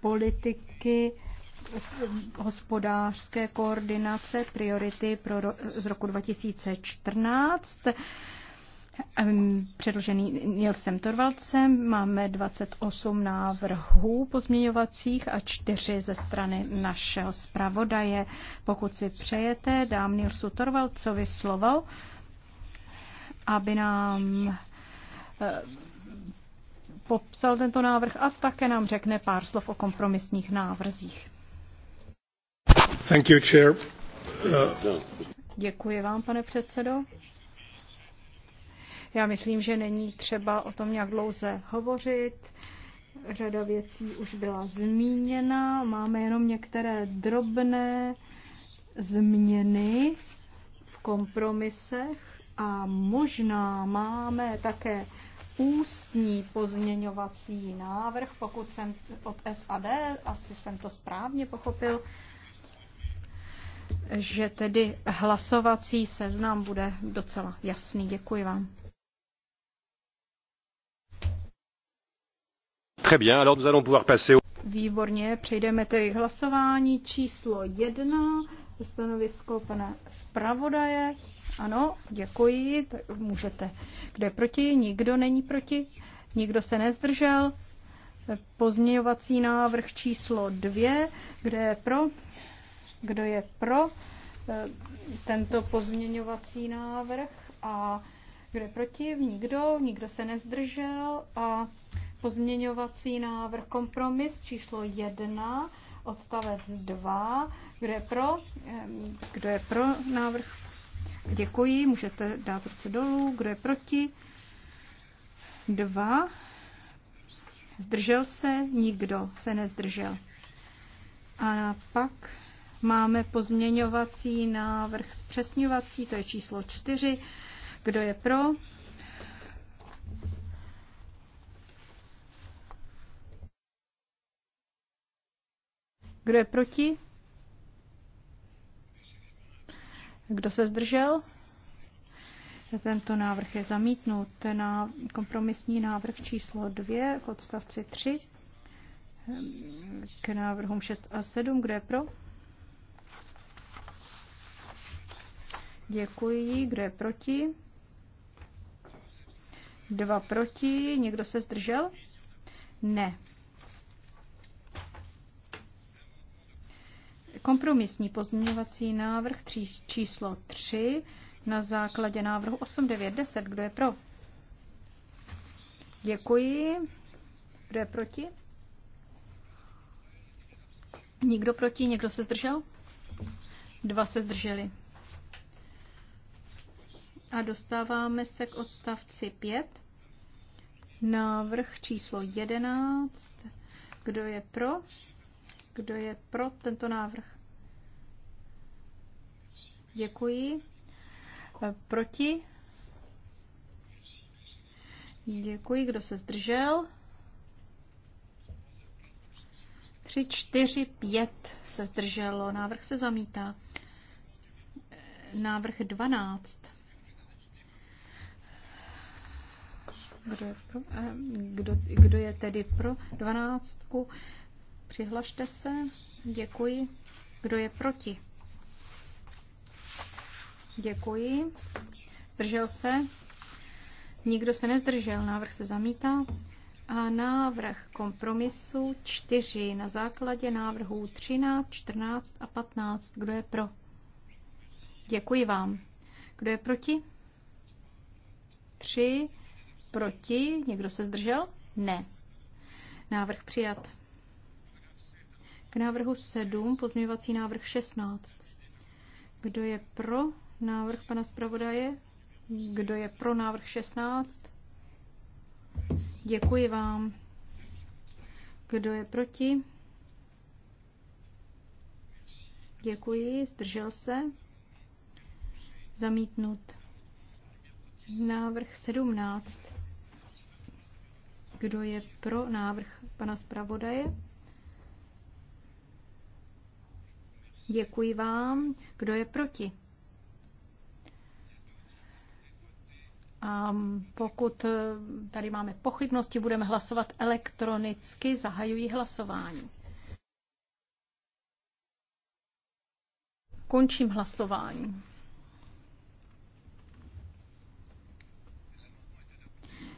politiky hospodářské koordinace priority pro ro- z roku 2014. Předložený Nilsem Torvalcem máme 28 návrhů pozměňovacích a čtyři ze strany našeho zpravodaje. Pokud si přejete, dám Nilsu Torvalcovi slovo, aby nám popsal tento návrh a také nám řekne pár slov o kompromisních návrzích. Thank you, chair. Uh... Děkuji vám, pane předsedo. Já myslím, že není třeba o tom nějak dlouze hovořit. Řada věcí už byla zmíněna. Máme jenom některé drobné změny v kompromisech a možná máme také ústní pozměňovací návrh, pokud jsem od SAD, asi jsem to správně pochopil, že tedy hlasovací seznam bude docela jasný. Děkuji vám. Très bien, alors nous allons pouvoir passer Výborně, přejdeme tedy k hlasování číslo jedna, stanovisko pana zpravodaje. Ano, děkuji, můžete. Kdo je proti? Nikdo není proti, nikdo se nezdržel. Pozměňovací návrh číslo dvě, kdo je pro? Kdo je pro eh, tento pozměňovací návrh a kdo je proti? Nikdo, nikdo se nezdržel a pozměňovací návrh kompromis číslo jedna. odstavec 2. Kdo je pro? Kdo je pro návrh Děkuji, můžete dát ruce dolů. Kdo je proti? Dva. Zdržel se? Nikdo se nezdržel. A pak máme pozměňovací návrh zpřesňovací, to je číslo čtyři. Kdo je pro? Kdo je proti? Kdo se zdržel? Tento návrh je zamítnut. Na kompromisní návrh číslo 2 k odstavci 3 k návrhům 6 a 7. Kdo je pro? Děkuji. Kdo je proti? Dva proti. Někdo se zdržel? Ne. Kompromisní pozměňovací návrh tří, číslo 3 na základě návrhu 8910. Kdo je pro? Děkuji. Kdo je proti? Nikdo proti, někdo se zdržel? Dva se zdrželi. A dostáváme se k odstavci 5. Návrh číslo 11. Kdo je pro? Kdo je pro tento návrh? Děkuji. E, proti? Děkuji. Kdo se zdržel? Tři, čtyři, pět se zdrželo. Návrh se zamítá. E, návrh 12. Kdo je, pro, e, kdo, kdo je tedy pro dvanáctku? Přihlašte se. Děkuji. Kdo je proti? Děkuji. Zdržel se? Nikdo se nezdržel. Návrh se zamítá. A návrh kompromisu 4 na základě návrhů 13, 14 a 15. Kdo je pro? Děkuji vám. Kdo je proti? 3. Proti. Někdo se zdržel? Ne. Návrh přijat. K návrhu 7 pozměňovací návrh 16. Kdo je pro návrh pana zpravodaje? Kdo je pro návrh 16? Děkuji vám. Kdo je proti? Děkuji, zdržel se. Zamítnut. Návrh 17. Kdo je pro návrh pana zpravodaje? Děkuji vám. Kdo je proti? A pokud eh, tady máme pochybnosti, budeme hlasovat elektronicky. Zahajuji hlasování. Končím hlasování.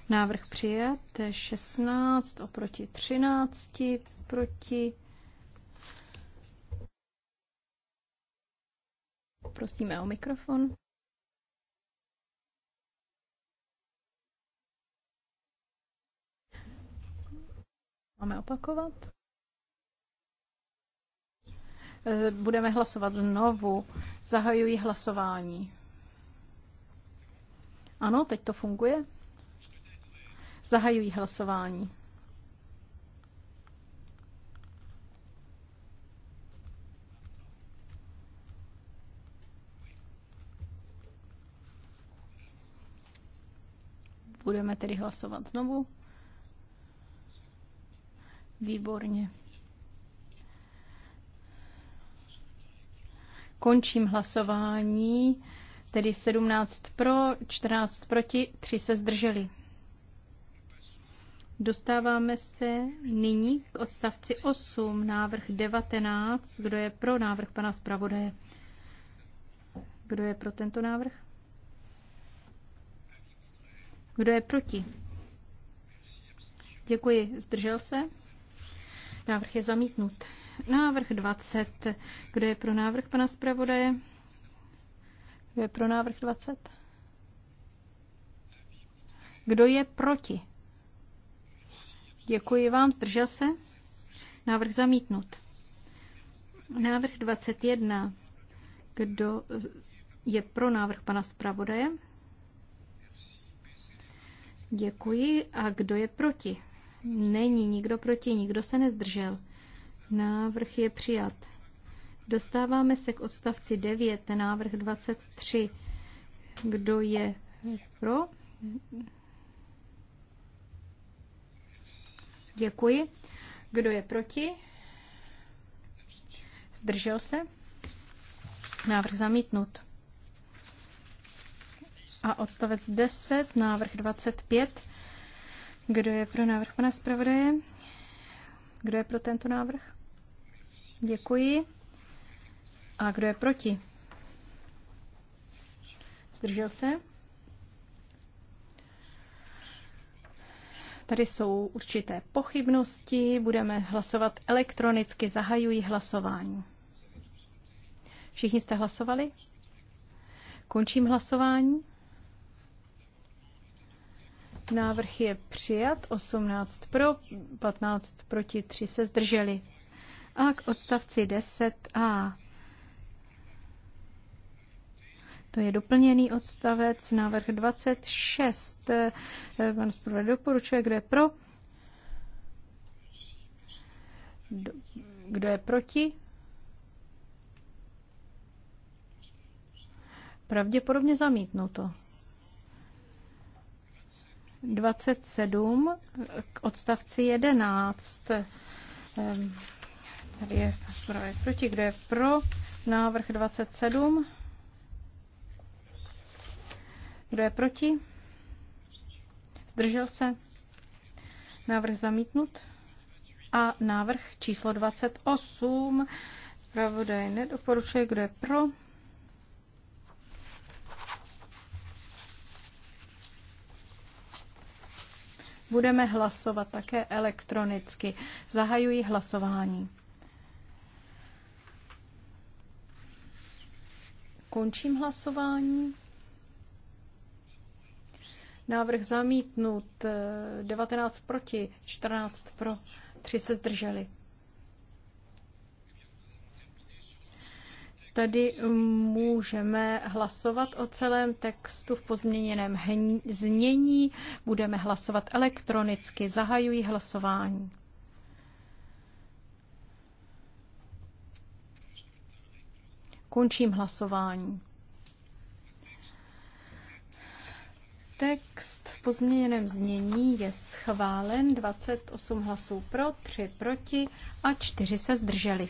Návrh přijat 16 oproti 13 proti poprosíme o mikrofon. Máme opakovat. Eh, budeme hlasovat znovu. Zahajuji hlasování. Ano, teď to funguje. Zahajují hlasování. Budeme tedy hlasovat znovu. Výborně. Končím hlasování, tedy 17 pro, 14 proti, 3 se zdrželi. Dostáváme se nyní k odstavci 8, návrh 19. Kdo je pro návrh pana zpravodaje? Kdo je pro tento návrh? Kdo je proti? Děkuji. Zdržel se? Návrh je zamítnut. Návrh 20. Kdo je pro návrh pana zpravodaje? Kdo je pro návrh 20? Kdo je proti? Děkuji vám. Zdržel se? Návrh zamítnut. Návrh 21. Kdo je pro návrh pana zpravodaje? Děkuji. A kdo je proti? Není nikdo proti, nikdo se nezdržel. Návrh je přijat. Dostáváme se k odstavci 9, návrh 23. Kdo je pro? Děkuji. Kdo je proti? Zdržel se? Návrh zamítnut a odstavec 10, návrh 25. Kdo je pro návrh pana zpravodaje? Kdo je pro tento návrh? Děkuji. A kdo je proti? Zdržel se? Tady jsou určité pochybnosti, budeme hlasovat elektronicky, zahajují hlasování. Všichni jste hlasovali? Končím hlasování. Návrh je přijat, 18 pro, 15 proti, 3 se zdrželi. A k odstavci 10a. To je doplněný odstavec, návrh 26. Pan zpravodaj doporučuje, kdo je pro, kdo je proti. Pravděpodobně zamítnuto. to. 27 k odstavci 11. Ehm, tady je zprávě proti, kdo je pro návrh 27. Kdo je proti? Zdržel se? Návrh zamítnut. A návrh číslo 28. Zpravodaj nedoporučuje, kdo je pro. Budeme hlasovat také elektronicky. Zahajuji hlasování. Končím hlasování. Návrh zamítnut 19 eh, proti, 14 pro, 3 se zdrželi. Tady můžeme hlasovat o celém textu v pozměněném znění. Budeme hlasovat elektronicky. Zahajují hlasování. Končím hlasování. Text v pozměněném znění je schválen 28 hlasů pro, 3 proti a 4 se zdrželi.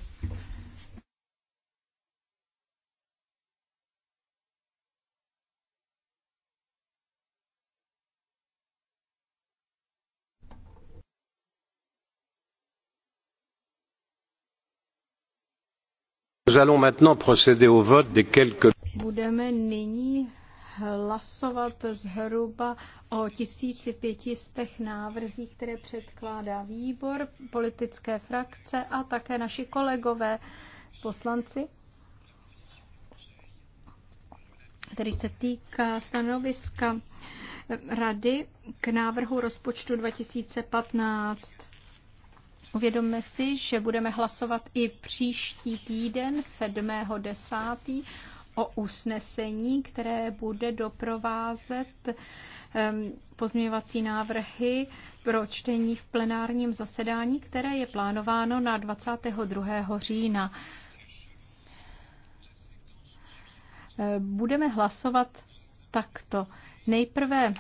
Nous allons maintenant procéder au vote des quelques... Budeme nyní hlasovat zhruba o 1500 návrzích, které předkládá výbor, politické frakce a také naši kolegové poslanci, který se týká stanoviska Rady k návrhu rozpočtu 2015. Uvědomme si, že budeme hlasovat i příští týden 7.10. o usnesení, které bude doprovázet ehm, pozměňovací návrhy pro čtení v plenárním zasedání, které je plánováno na 22. října. Ehm, budeme hlasovat takto. Nejprve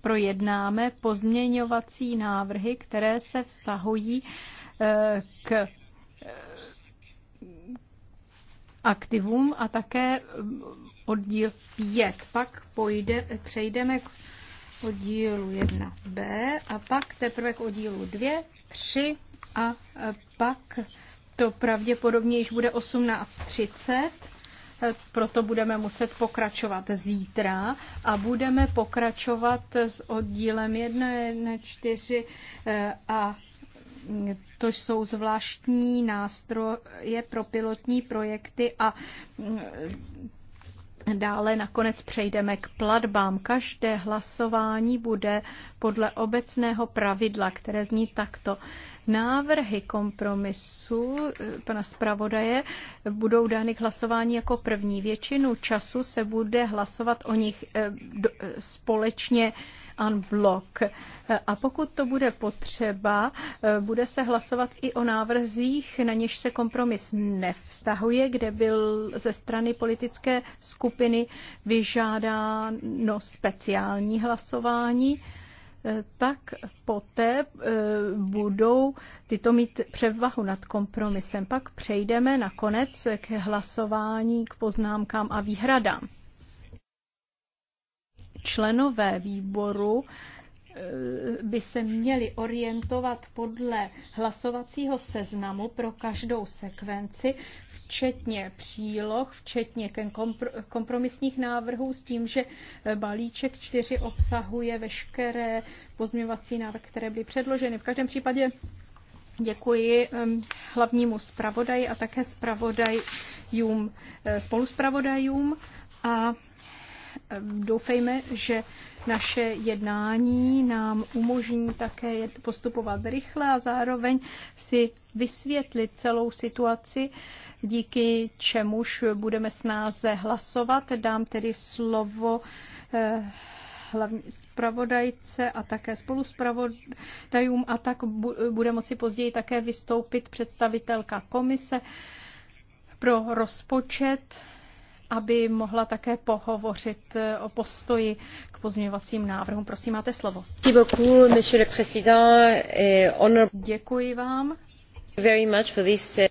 projednáme pozměňovací návrhy, které se vztahují eh, k eh, aktivům a také eh, oddíl 5. Pak pojde, přejdeme k oddílu 1b a pak teprve k oddílu 2, 3 a pak to pravděpodobně již bude 18.30 proto budeme muset pokračovat zítra a budeme pokračovat s oddílem 4 eh, a to jsou zvláštní nástroje pro pilotní projekty a mm, Dále nakonec přejdeme k platbám. Každé hlasování bude podle obecného pravidla, které zní takto. Návrhy kompromisu eh, pana zpravodaje budou dány k hlasování jako první. Většinu času se bude hlasovat o nich eh, eh, společně unblock. A pokud to bude potřeba, bude se hlasovat i o návrzích, na něž se kompromis nevztahuje, kde byl ze strany politické skupiny vyžádáno speciální hlasování. Eh, tak poté eh, budou tyto mít převahu nad kompromisem. Pak přejdeme nakonec k hlasování, k poznámkám a výhradám. Členové výboru eh, by se měli orientovat podle hlasovacího seznamu pro každou sekvenci, včetně příloh, včetně kompromisních návrhů s tím, že eh, balíček 4 obsahuje veškeré pozměvací návrhy, které byly předloženy. V každém případě Děkuji ehm, hlavnímu zpravodaji a také eh, spravodajům, spoluzpravodajům a Doufejme, že naše jednání nám umožní také postupovat rychle a zároveň si vysvětlit celou situaci, díky čemuž budeme snáze hlasovat. Dám tedy slovo eh, hlavní zpravodajce a také spoluzpravodajům a tak bude moci později také vystoupit představitelka komise pro rozpočet aby mohla také pohovořit eh, o postoji k pozměňovacím návrhům. Prosím, máte slovo. Děkuji vám. Very much for this. Eh-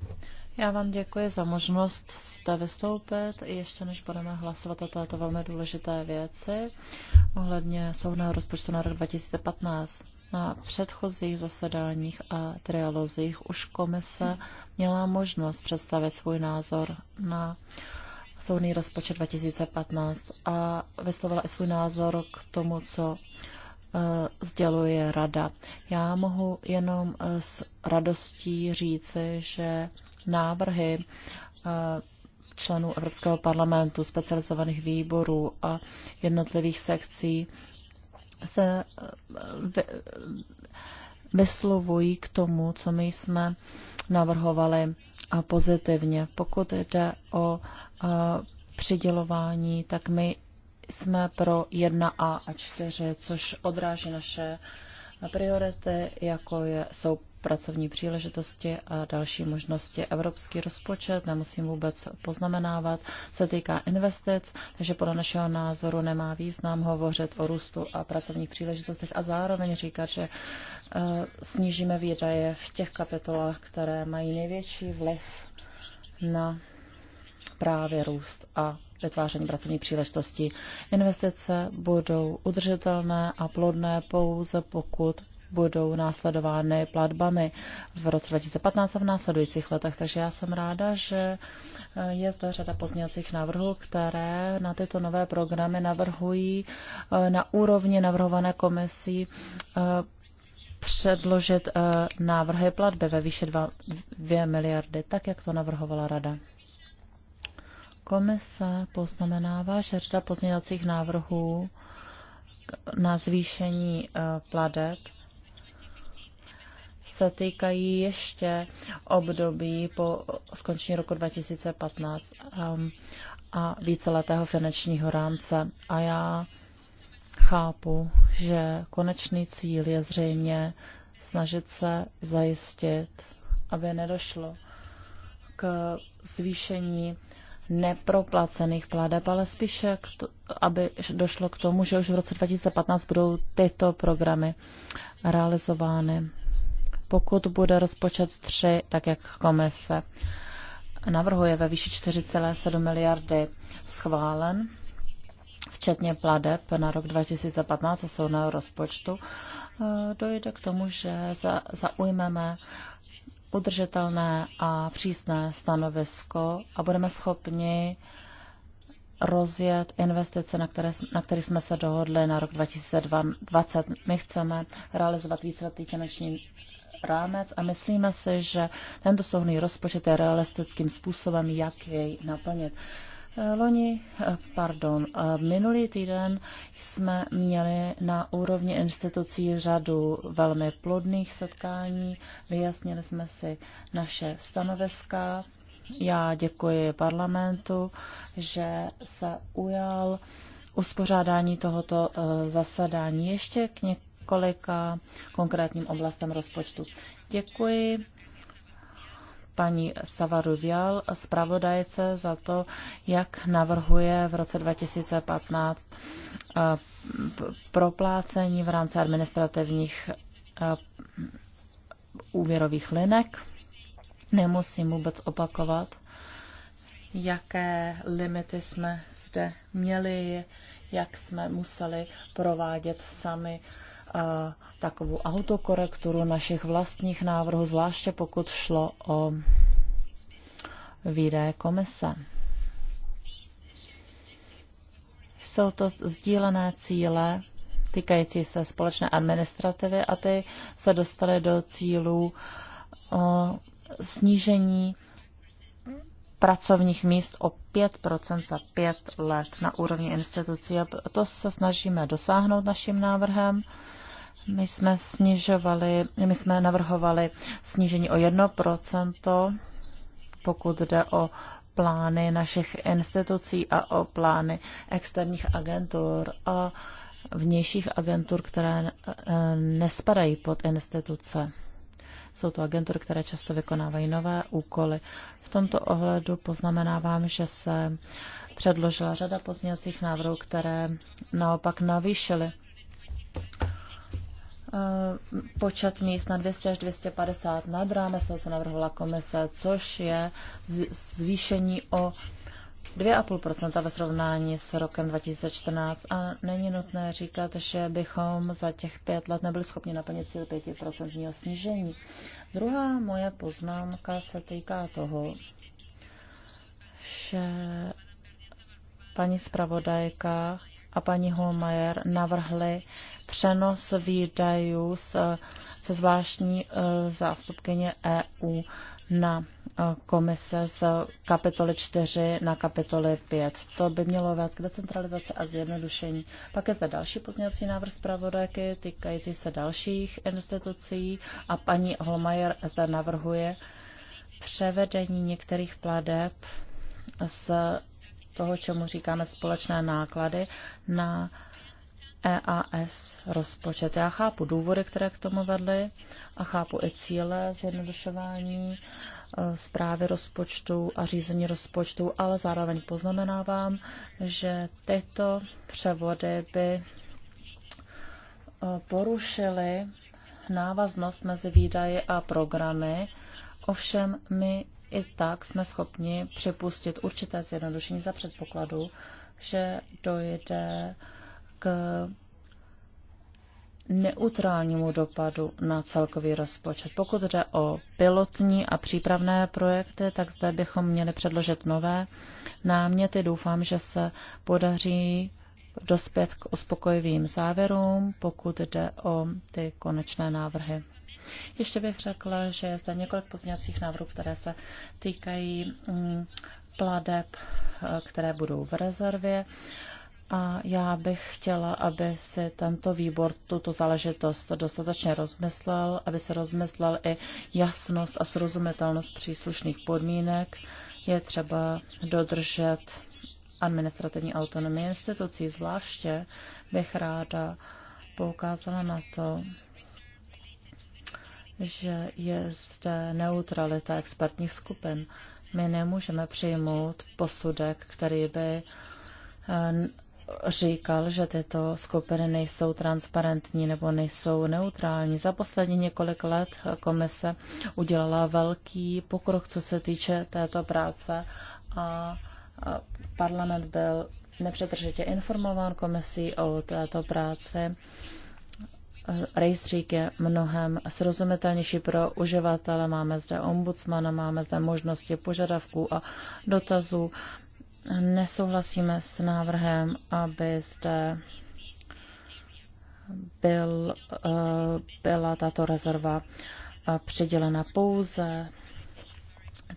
Já vám děkuji za možnost zde vystoupit, ještě než budeme hlasovat o této velmi důležité věci ohledně soudného rozpočtu na rok 2015. Na předchozích zasedáních a trialozích už komise měla možnost představit svůj názor na uh, soudný rozpočet 2015 a vyslovila i svůj názor k tomu, co eh, sděluje rada. Já mohu jenom eh, s radostí říci, že návrhy eh, členů Evropského parlamentu, specializovaných výborů a jednotlivých sekcí se vyslovují k tomu, co my jsme navrhovali a pozitivně. Pokud jde o přidělování, tak my jsme pro 1A a 4, což odráží naše priority, jako je, jsou pracovní příležitosti a další možnosti. Evropský rozpočet, nemusím vůbec poznamenávat, se týká investic, takže podle našeho názoru nemá význam hovořit o růstu a pracovních příležitostech a zároveň říkat, že eh, snížíme výdaje v těch kapitolách, které mají největší vliv na právě růst a vytváření pracovní příležitosti. Investice budou udržitelné a plodné pouze pokud budou následovány platbami v roce 2015 a v následujících letech. Takže já jsem ráda, že je zde řada pozměňovacích návrhů, které na tyto nové programy navrhují eh, na úrovni navrhované komisí eh, předložit eh, návrhy platby ve výše 2 miliardy, tak jak to navrhovala Rada. Komise poznamenává, že řada pozměňovacích návrhů na zvýšení eh, pladeb se týkají ještě období po skončení roku 2015 ehm, a víceletého finančního rámce. A já chápu, že konečný cíl je zřejmě snažit se zajistit, aby nedošlo k zvýšení neproplacených pladeb, ale spíše, k to, aby došlo k tomu, že už v roce 2015 budou tyto programy realizovány. Pokud bude rozpočet 3, tak jak komise navrhuje ve výši 4,7 miliardy schválen, včetně pladeb na rok 2015 a soudného rozpočtu, eh, dojde k tomu, že zaujmeme udržitelné a přísné stanovisko a budeme schopni rozjet investice, na, které, na které jsme se dohodli na rok 2020. My chceme realizovat víceletý finanční rámec a myslíme si, že tento souhný rozpočet je realistickým způsobem, jak jej naplnit. Loni, pardon, minulý týden jsme měli na úrovni institucí řadu velmi plodných setkání, vyjasnili jsme si naše stanoviska. Já děkuji parlamentu, že se ujal uspořádání tohoto e, zasedání ještě k několika konkrétním oblastem rozpočtu. Děkuji paní Savaruvial, zpravodajce, za to, jak navrhuje v roce 2015 eh, proplácení v rámci administrativních eh, úvěrových linek. Nemusím vůbec opakovat, jaké limity jsme zde měli, jak jsme museli provádět sami uh, takovou autokorekturu našich vlastních návrhů, zvláště pokud šlo o výdaje komise. Jsou to sdílené cíle týkající se společné administrativy a ty se dostaly do cílů snížení pracovních míst o 5% za 5 let na úrovni institucí. A to se snažíme dosáhnout naším návrhem. My jsme snižovali, my jsme navrhovali snížení o 1%, pokud jde o plány našich institucí a o plány externích agentur a vnějších agentur, které eh, nespadají pod instituce. Jsou to agentury, které často vykonávají nové úkoly. V tomto ohledu poznamenávám, že se předložila řada pozměňovacích návrhů, které naopak navýšily eh, počet míst na 200 až 250 nad rámec toho, co navrhovala komise, což je zvýšení o 2,5 ve srovnání s rokem 2014 a není nutné říkat, že bychom za těch pět let nebyli schopni naplnit cíl 5 snížení. Druhá moje poznámka se týká toho, že paní zpravodajka a paní Holmajer navrhly přenos výdajů z se zvláštní eh, zástupkyně EU na eh, komise z kapitoly 4 na kapitoly 5. To by mělo vést k decentralizaci a zjednodušení. Pak je zde další pozměňovací návrh zpravodajky týkající se dalších institucí a paní Holmajer zde navrhuje převedení některých pladeb z toho, čemu říkáme společné náklady, na uh, EAS rozpočet. Já chápu důvody, které k tomu vedly a chápu i cíle zjednodušování e, zprávy rozpočtu a řízení rozpočtu, ale zároveň poznamenávám, že tyto převody by e, porušily návaznost mezi výdaji a programy, ovšem my i tak jsme schopni připustit určité zjednodušení za předpokladu, že dojde k neutrálnímu dopadu na celkový rozpočet. Pokud jde o pilotní a přípravné projekty, tak zde bychom měli předložit nové náměty. Doufám, že se podaří dospět k uspokojivým závěrům, pokud jde o ty konečné návrhy. Ještě bych řekla, že je zde několik pozměňovacích návrhů, které se týkají mm, pladeb, eh, které budou v rezervě. A já bych chtěla, aby si tento výbor tuto záležitost dostatečně rozmyslel, aby se rozmyslel i jasnost a srozumitelnost příslušných podmínek. Je třeba dodržet administrativní autonomii institucí. Zvláště bych ráda poukázala na to, že je zde neutralita expertních skupin. My nemůžeme přijmout posudek, který by eh, říkal, že tyto skupiny nejsou transparentní nebo nejsou neutrální. Za poslední několik let komise udělala velký pokrok, co se týče této práce a parlament byl nepřetržitě informován komisí o této práci. Rejstřík je mnohem srozumitelnější pro uživatele. Máme zde ombudsmana, máme zde možnosti požadavků a dotazů. Nesouhlasíme s návrhem, aby zde byl, eh, byla tato rezerva eh, přidělena pouze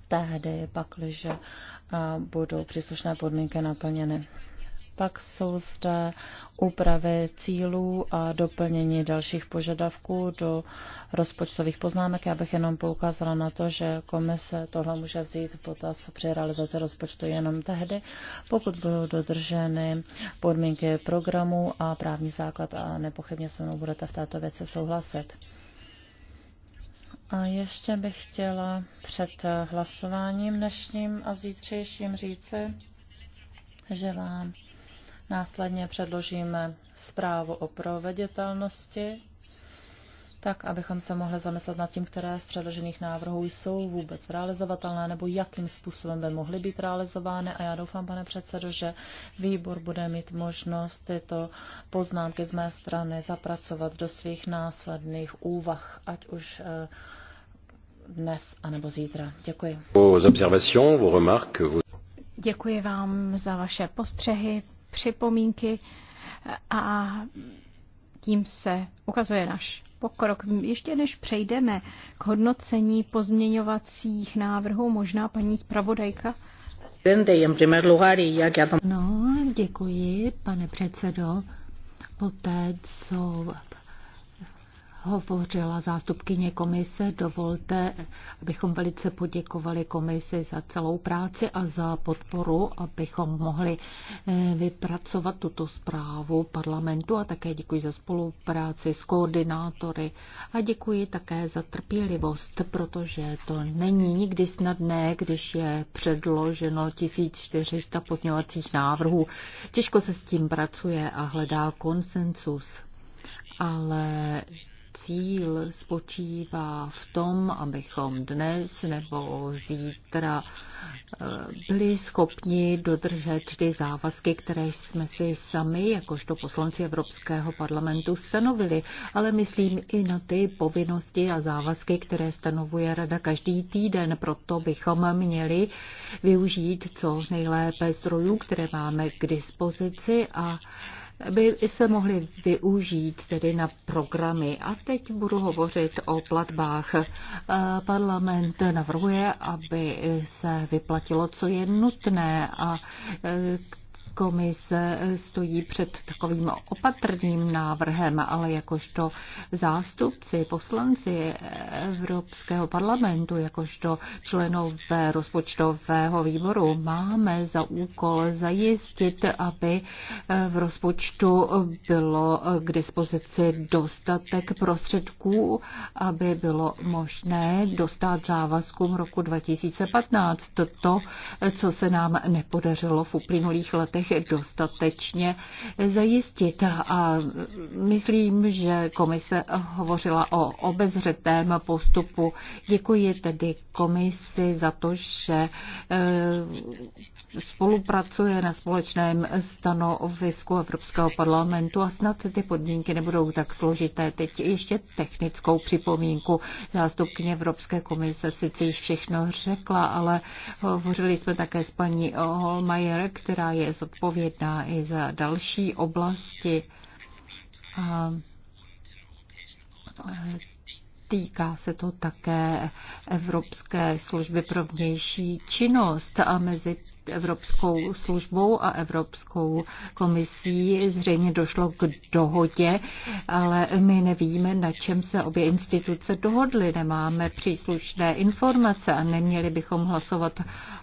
tehdy, pakliže eh, budou příslušné podmínky naplněny pak jsou zde úpravy cílů a doplnění dalších požadavků do rozpočtových poznámek. Já bych jenom poukázala na to, že komise tohle může vzít v potaz při realizaci rozpočtu jenom tehdy, pokud budou dodrženy podmínky programu a právní základ a nepochybně se mnou budete v této věci souhlasit. A ještě bych chtěla před hlasováním dnešním a zítřejším říci, že vám Následně předložíme zprávu o proveditelnosti, tak abychom se mohli zamyslet nad tím, které z předložených návrhů jsou vůbec realizovatelné nebo jakým způsobem by mohly být realizovány. A já doufám, pane předsedo, že výbor bude mít možnost tyto poznámky z mé strany zapracovat do svých následných úvah, ať už eh, dnes anebo zítra. Děkuji. Děkuji vám za vaše postřehy, připomínky a tím se ukazuje náš pokrok. Ještě než přejdeme k hodnocení pozměňovacích návrhů, možná paní zpravodajka No, děkuji, pane předsedo. Poté, co hovořila zástupkyně komise. Dovolte, abychom velice poděkovali komisi za celou práci a za podporu, abychom mohli eh, vypracovat tuto zprávu parlamentu a také děkuji za spolupráci s koordinátory a děkuji také za trpělivost, protože to není nikdy snadné, když je předloženo 1400 pozměňovacích návrhů. Těžko se s tím pracuje a hledá konsensus ale cíl spočívá v tom, abychom dnes nebo zítra eh, byli schopni dodržet ty závazky, které jsme si sami, jakožto poslanci Evropského parlamentu, stanovili, ale myslím i na ty povinnosti a závazky, které stanovuje Rada každý týden. Proto bychom měli využít co nejlépe zdrojů, které máme k dispozici a by se mohly využít tedy na programy. A teď budu hovořit o platbách. E, parlament navrhuje, aby se vyplatilo, co je nutné a k e, komise stojí před takovým opatrným návrhem, ale jakožto zástupci, poslanci Evropského parlamentu, jakožto členové rozpočtového výboru máme za úkol zajistit, aby v rozpočtu bylo k dispozici dostatek prostředků, aby bylo možné dostat závazkům roku 2015. To, co se nám nepodařilo v uplynulých letech, nich dostatečně zajistit. A myslím, že komise hovořila o obezřetém postupu. Děkuji tedy komisi za to, že eh, spolupracuje na společném stanovisku Evropského parlamentu a snad ty podmínky nebudou tak složité. Teď ještě technickou připomínku. Zástupkyně Evropské komise sice již všechno řekla, ale hovořili jsme také s paní Holmajer, která je zodpovědná i za další oblasti. A týká se to také Evropské služby pro vnější činnost a mezi Evropskou službou a Evropskou komisí. Zřejmě došlo k dohodě, ale my nevíme, na čem se obě instituce dohodly. Nemáme příslušné informace a neměli bychom hlasovat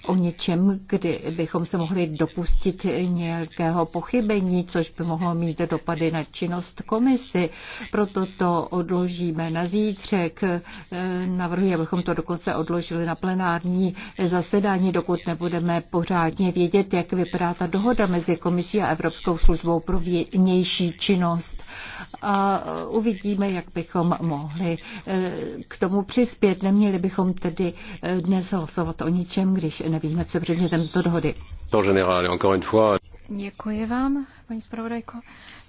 o něčem, kdy bychom se mohli dopustit nějakého pochybení, což by mohlo mít dopady na činnost komisy. Proto to odložíme na zítřek. Navrhuji, abychom to dokonce odložili na plenární zasedání, dokud nebudeme pořád pořádně vědět, jak vypadá ta dohoda mezi Komisí a Evropskou službou pro vnější činnost. A uvidíme, jak bychom mohli eh, k tomu přispět. Neměli bychom tedy eh, dnes hlasovat o ničem, když nevíme, co předmětem této dohody. Děkuji vám, paní zpravodajko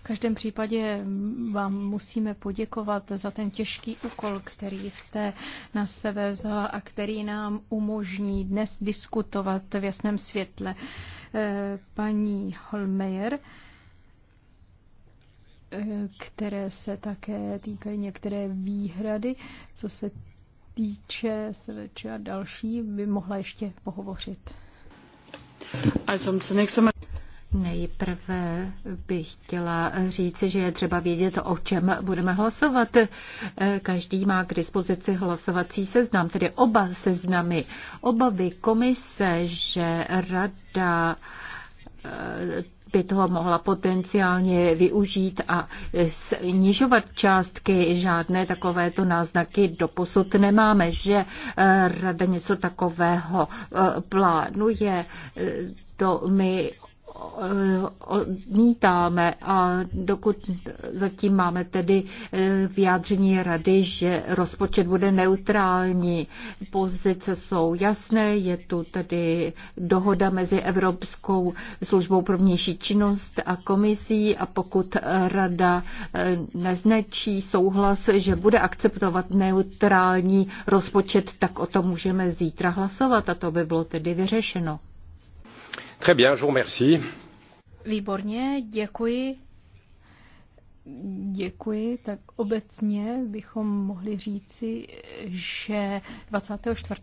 každém případě vám musíme poděkovat za ten těžký úkol, který jste na sebe vzala a který nám umožní dnes diskutovat v jasném světle. Eh, paní Holmeyer, eh, které se také týkají některé výhrady, co se týče SVČ a další, by mohla ještě pohovořit. Nejprve bych chtěla říci, že je třeba vědět, o čem budeme hlasovat. Každý má k dispozici hlasovací seznam, tedy oba seznamy. Obavy komise, že rada eh, by toho mohla potenciálně využít a snižovat částky. Žádné takovéto náznaky doposud nemáme, že eh, rada něco takového eh, plánuje. To my odmítáme a dokud zatím máme tedy eh, vyjádření rady, že rozpočet bude neutrální, pozice jsou jasné, je tu tedy dohoda mezi Evropskou službou pro vnější činnost a komisí a pokud rada eh, neznečí souhlas, že bude akceptovat neutrální rozpočet, tak o tom můžeme zítra hlasovat a to by bylo tedy vyřešeno. Très bien, je vous remercie. Výborně, děkuji. Děkuji. Tak obecně bychom mohli říci, že 24.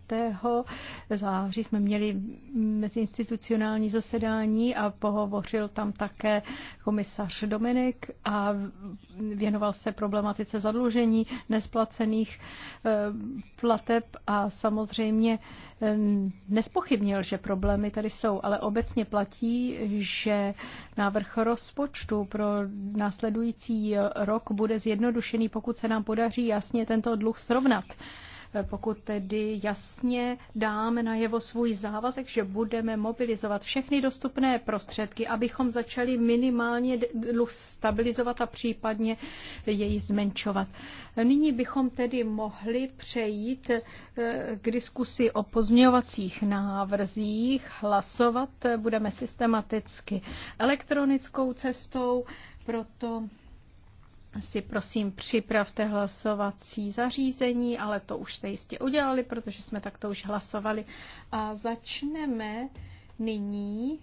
září jsme měli meziinstitucionální zasedání a pohovořil tam také komisař Dominik a věnoval se problematice zadlužení nesplacených eh, plateb a samozřejmě eh, nespochybnil, že problémy tady jsou, ale obecně platí, že návrh rozpočtu pro následující příští rok bude zjednodušený, pokud se nám podaří jasně tento dluh srovnat pokud tedy jasně dáme na jeho svůj závazek, že budeme mobilizovat všechny dostupné prostředky, abychom začali minimálně dluh stabilizovat a případně jej zmenšovat. Nyní bychom tedy mohli přejít eh, k diskusi o pozměňovacích návrzích. Hlasovat eh, budeme systematicky elektronickou cestou, proto si prosím připravte hlasovací zařízení, ale to už jste jistě udělali, protože jsme takto už hlasovali. A začneme nyní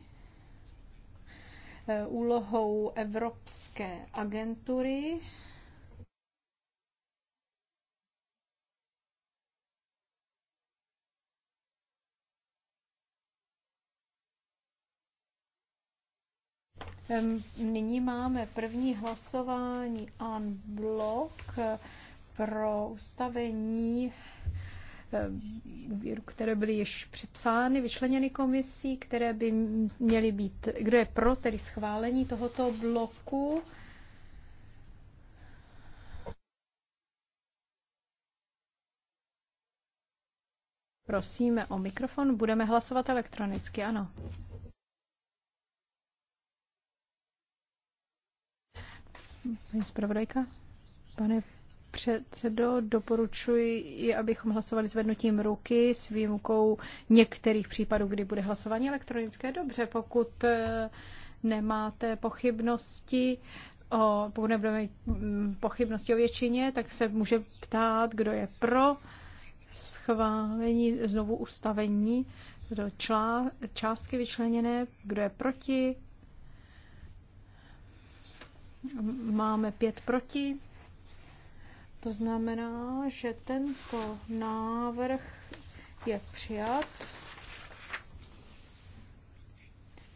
eh, úlohou Evropské agentury Nyní máme první hlasování en blok pro ustavení úvěrů, které byly již přepsány, vyčleněny komisí, které by měly být, kdo je pro tedy schválení tohoto bloku. Prosíme o mikrofon, budeme hlasovat elektronicky, ano. Paní zpravodajka? Pane předsedo, doporučuji, abychom hlasovali zvednutím ruky s výjimkou některých případů, kdy bude hlasování elektronické. Dobře, pokud eh, nemáte pochybnosti, o, pokud nebudeme mít mm, pochybnosti o většině, tak se může ptát, kdo je pro schválení, znovu ustavení do částky vyčleněné, kdo je proti, Máme pět proti. To znamená, že tento návrh je přijat.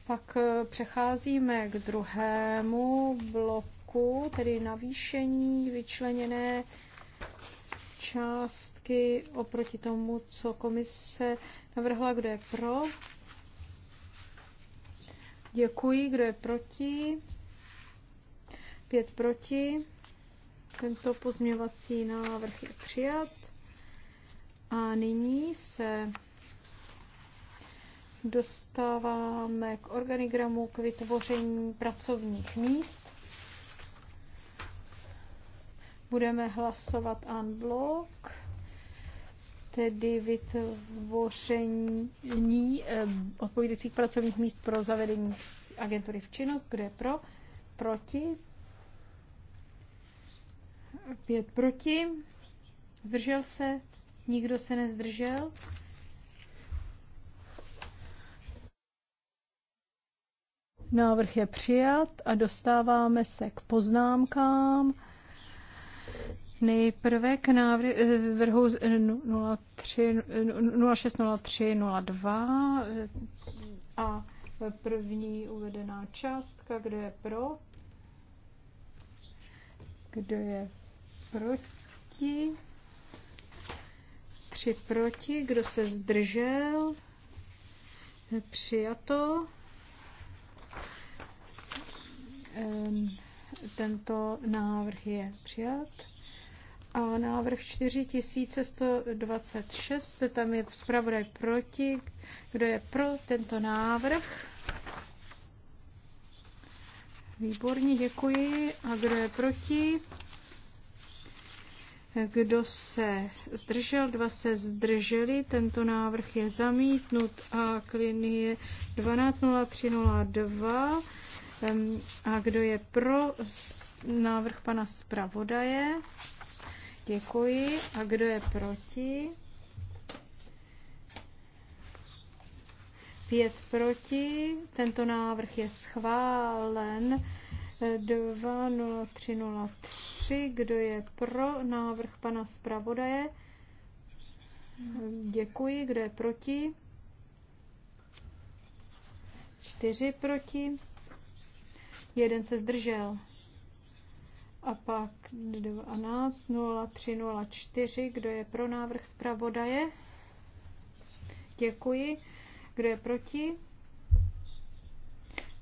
Pak eh, přecházíme k druhému bloku, tedy navýšení vyčleněné částky oproti tomu, co komise navrhla, kdo je pro. Děkuji, kdo je proti. 5 proti. Tento pozměvací návrh je přijat. A nyní se dostáváme k organigramu k vytvoření pracovních míst. Budeme hlasovat unblock, tedy vytvoření eh, odpovídajících pracovních míst pro zavedení agentury v činnost. kde je pro? Proti? Pět proti. Zdržel se? Nikdo se nezdržel? Návrh je přijat a dostáváme se k poznámkám. Nejprve k návrhu eh, 060302 eh, a první uvedená částka, kde je pro, kdo je proti. Tři proti. Kdo se zdržel? Přijato. Tento návrh je přijat. A návrh 4126, tam je zpravodaj proti. Kdo je pro tento návrh? Výborně, děkuji. A kdo je proti? Kdo se zdržel? Dva se zdrželi. Tento návrh je zamítnut a k linie 120302. A kdo je pro návrh pana zpravodaje? Děkuji. A kdo je proti? Pět proti. Tento návrh je schválen. 20303. Kdo je pro návrh pana zpravodaje? Děkuji. Kdo je proti? Čtyři proti. Jeden se zdržel. A pak 12.03.04. Kdo je pro návrh zpravodaje? Děkuji. Kdo je proti?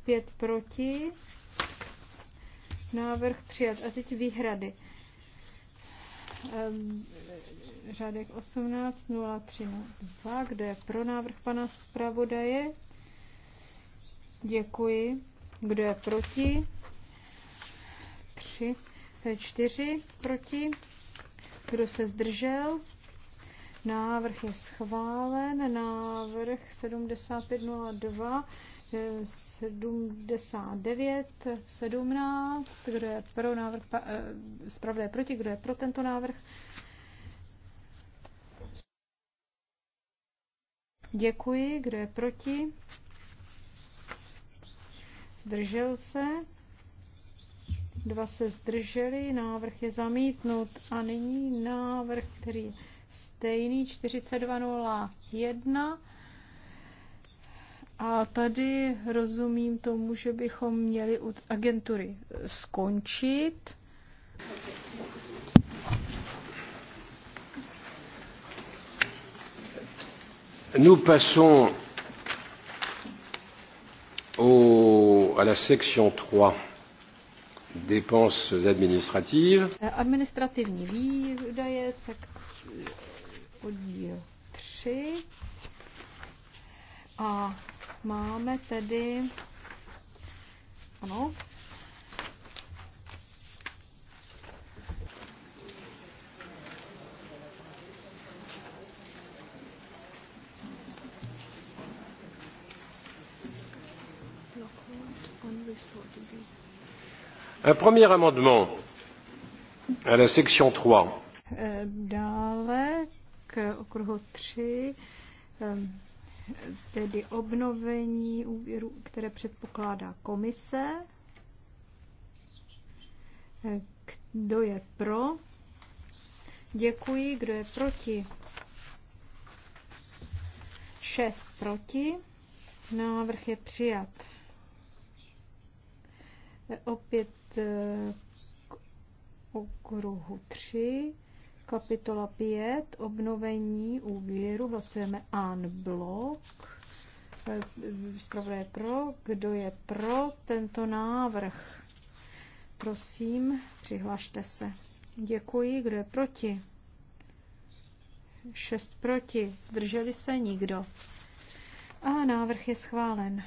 Pět proti. Návrh přijat. A teď výhrady. Um, Řádek 18.03.2, Kdo je pro návrh pana zpravodaje? Děkuji. Kdo je proti? 3. To je 4 proti. Kdo se zdržel? Návrh je schválen. Návrh 7502 79, 17, kdo je pro návrh, eh, je proti, kdo je pro tento návrh. Děkuji, kdo je proti. Zdržel se. Dva se zdrželi, návrh je zamítnut. A nyní návrh, který je stejný, 4201 a tady rozumím tomu, že bychom měli u agentury skončit. Nous passons au, à la section 3 dépenses administratives. Administrativní výdaje, sek, oddíl 3. A Máme tedy... Ano. Un premier amendement à la section 3. Eh, dále k okruhu 3 tedy obnovení úvěru, které předpokládá komise. Kdo je pro? Děkuji. Kdo je proti? Šest proti. Návrh je přijat. Opět eh, k okruhu tři. Kapitola 5, obnovení úvěru, hlasujeme An. blok. Zpravodaj pro, kdo je pro tento návrh? Prosím, přihlašte se. Děkuji, kdo je proti? Šest proti, zdrželi se nikdo. A návrh je schválen.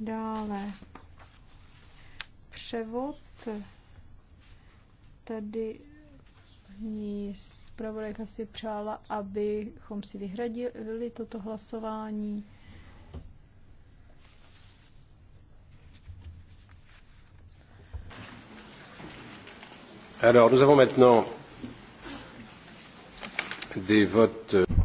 Dále převod tady paní zpravodajka si přála, abychom si vyhradili toto hlasování. Alors, nous avons maintenant des votes.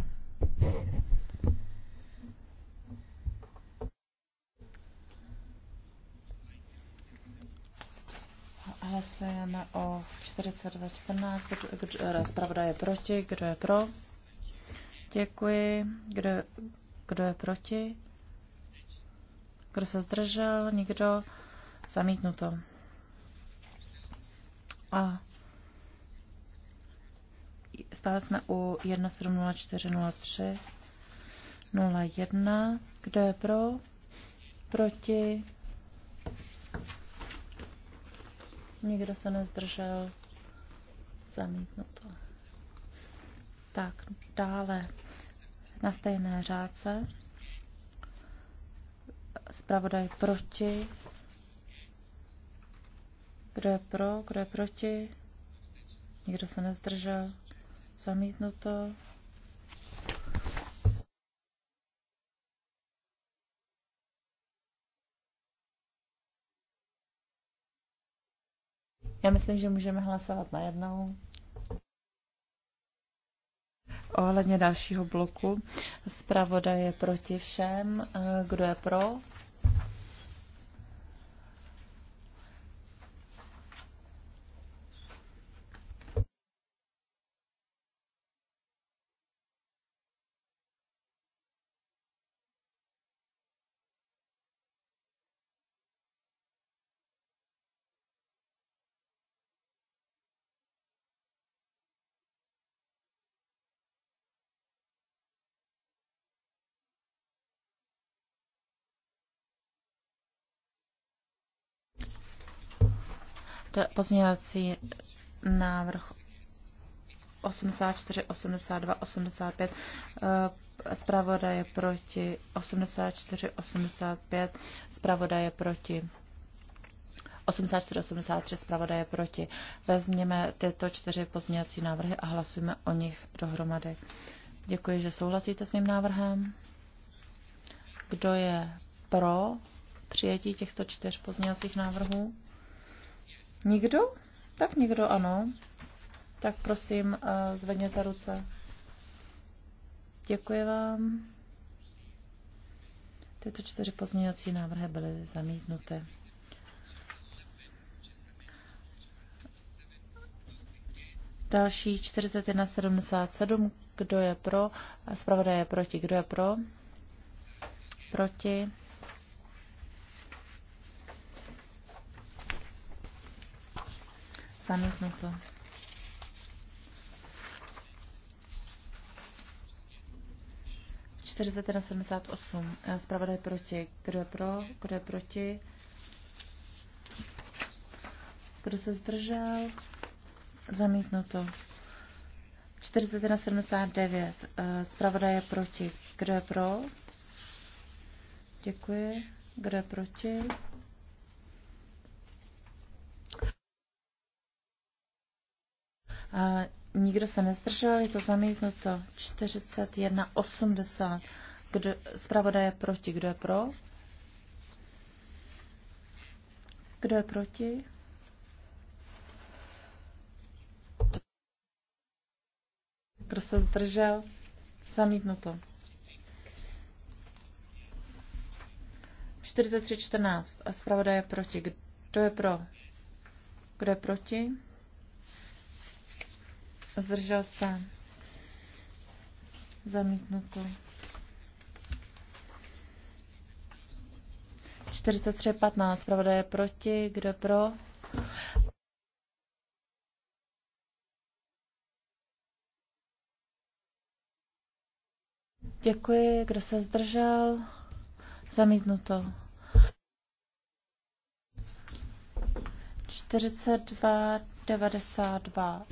4214, eh, zpravodaj je proti, kdo je pro? Děkuji. Kdo, kdo je proti? Kdo se zdržel? Nikdo? Zamítnuto. A stále jsme u 1704.03.01. Kdo je pro? Proti? Nikdo se nezdržel. Zamítnuto. Tak, dále na stejné řádce. Zpravodaj proti. Kdo je pro, kdo je proti? Nikdo se nezdržel. Zamítnuto. Já myslím, že můžeme hlasovat najednou. Ohledně dalšího bloku. Zpravodaj je proti všem. Eh, kdo je pro? pozměňovací návrh 84, 82, 85. Zpravodaj je proti 84, 85. Zpravodaj je proti 84, 83. Zpravodaj je proti. Vezměme tyto čtyři pozměňovací návrhy a hlasujeme o nich dohromady. Děkuji, že souhlasíte s mým návrhem. Kdo je pro přijetí těchto čtyř pozměňovacích návrhů? Nikdo? Tak nikdo ano. Tak prosím, eh, zvedněte ruce. Děkuji vám. Tyto čtyři pozměňovací návrhy byly zamítnuty. Další 41,77. Kdo je pro? Zpravodaj je proti. Kdo je pro? Proti. Zamítnuto. Čtyřicet Zpravodaj proti. Kdo je pro? Kdo je proti? Kdo se zdržel? Zamítnuto. 41,79. Zpravodaj je proti. Kdo je pro? Děkuji. Kdo je proti? Nikdo se nezdržel, je to zamítnuto 41,80. Kdo, zpravodaje je proti, kdo je pro? Kdo je proti? Kdo se zdržel? Zamítnuto. 43.14 a zpravodaj je proti. Kdo je pro? Kdo je proti? Zdržel se. Zamítnuto. 43.15. Pravda je proti. Kdo pro? Děkuji. Kdo se zdržel? Zamítnuto. 42.92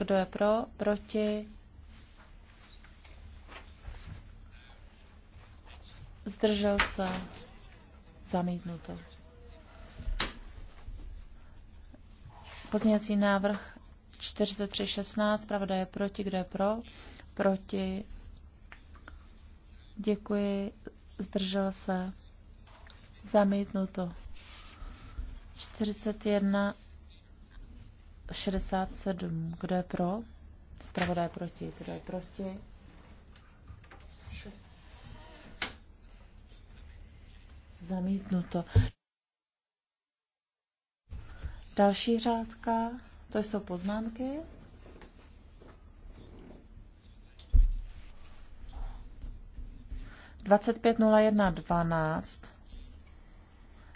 kdo je pro? Proti? Zdržel se? Zamítnuto. Pozměňovací návrh 4316, pravda je proti, kdo je pro? Proti. Děkuji, zdržel se. Zamítnuto. 41 67. Kdo je pro? Zpravodaj proti. Kdo je proti? Zamítnuto. Další řádka, to jsou poznámky. Dvacet pět nula jedna dvanáct,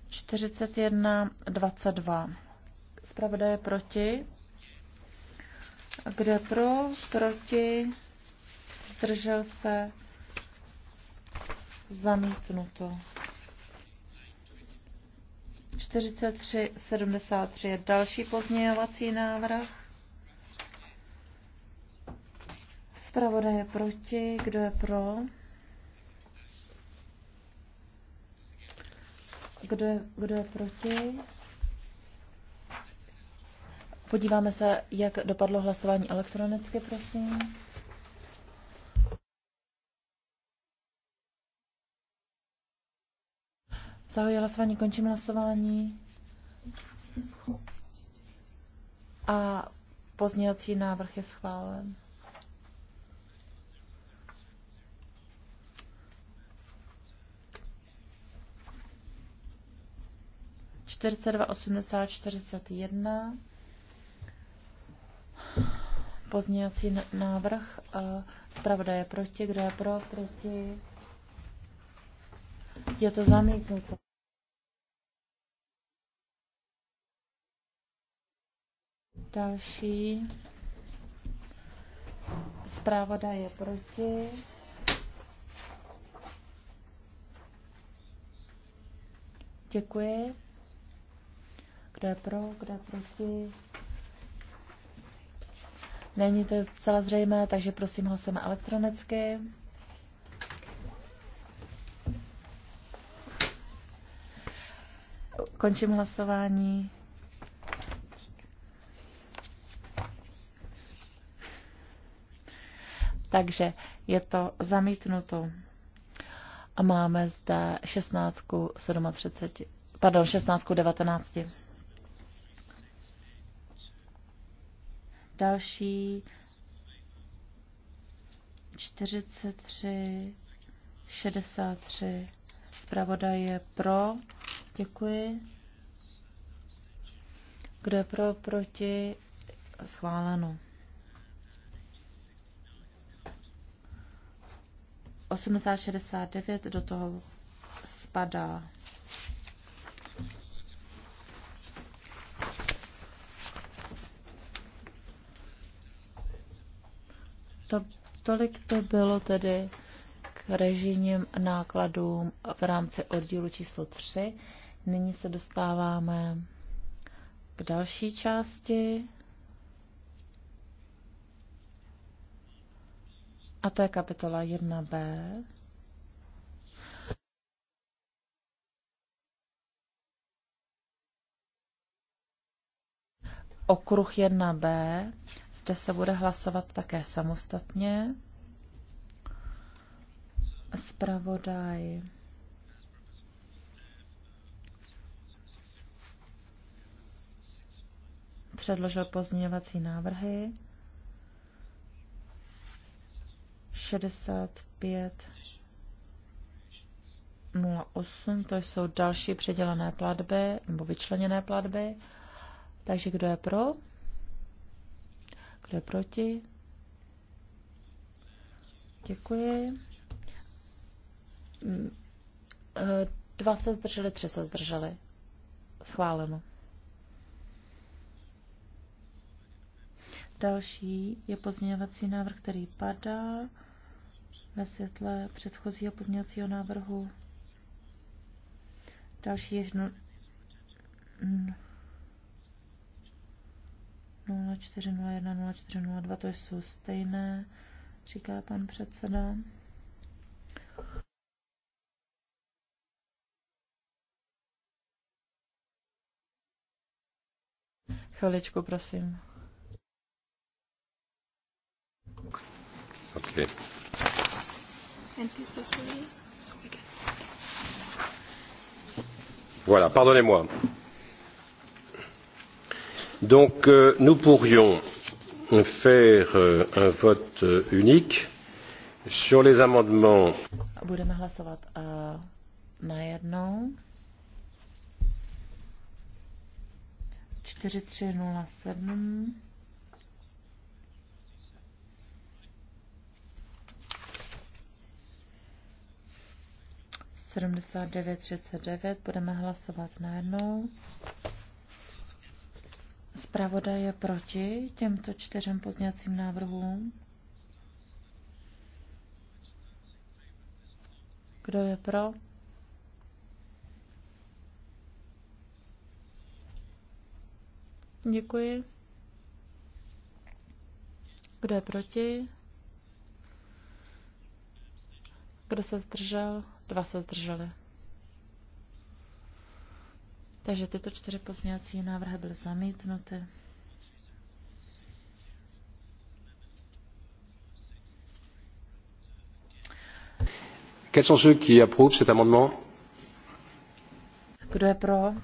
čtyřicet jedna dvacet dva. Zpravodaje proti. Kde pro, proti, zdržel se, zamítnuto. 4373 je další pozměňovací návrh. Zpravoda je proti, kdo je pro? Kdo je, kdo je proti? Podíváme se, jak dopadlo hlasování elektronicky, prosím. Zahajuji hlasování, končím hlasování. A pozměňovací návrh je schválen. Čtyřicet dva osmdesát čtyřicet jedna. Pozměňovací návrh zpravodaj je proti, kdo je pro, proti. Je to zamítnuto. Další. Zprávoda je proti. Děkuji. Kdo je pro, kdo je proti? Není to celé zřejmé, takže prosím hlasujeme elektronicky. Končím hlasování. Takže je to zamítnuto. A máme zde 16 37, pardon, 16 19. Další 43, 63. Zpravodaj je pro. Děkuji. Kdo je pro, proti? Schváleno. 8069 do toho spadá. To, tolik to bylo tedy k režijním nákladům v rámci oddílu číslo 3. Nyní se dostáváme k další části. A to je kapitola 1b. Okruh 1b zde se bude hlasovat také samostatně. Spravodaj. Předložil pozměňovací návrhy. 65 08, to jsou další předělené platby nebo vyčleněné platby. Takže kdo je pro? Kdo je proti? Děkuji. Mm, eh, dva se zdrželi, tři se zdrželi. Schváleno. Další je pozměňovací návrh, který padá ve světle předchozího pozměňovacího návrhu. Další je 0401, 0402, to jsou stejné, říká pan předseda. Chviličku, prosím. Okay. Voilà, pardonnez-moi. Donc euh, nous pourrions faire euh, un vote euh, unique sur les amendements. Budeme hlasovat uh, najednou. 4307. 7939 budeme hlasovat najednou. Zpravodaj je proti těmto čtyřem pozněcím návrhům. Kdo je pro? Děkuji. Kdo je proti? Kdo se zdržel? Dva se zdrželi. Takže tyto čtyři pozměňovací návrhy byly zamítnuty. Quels sont ceux qui approuvent cet amendement Kdo je pro?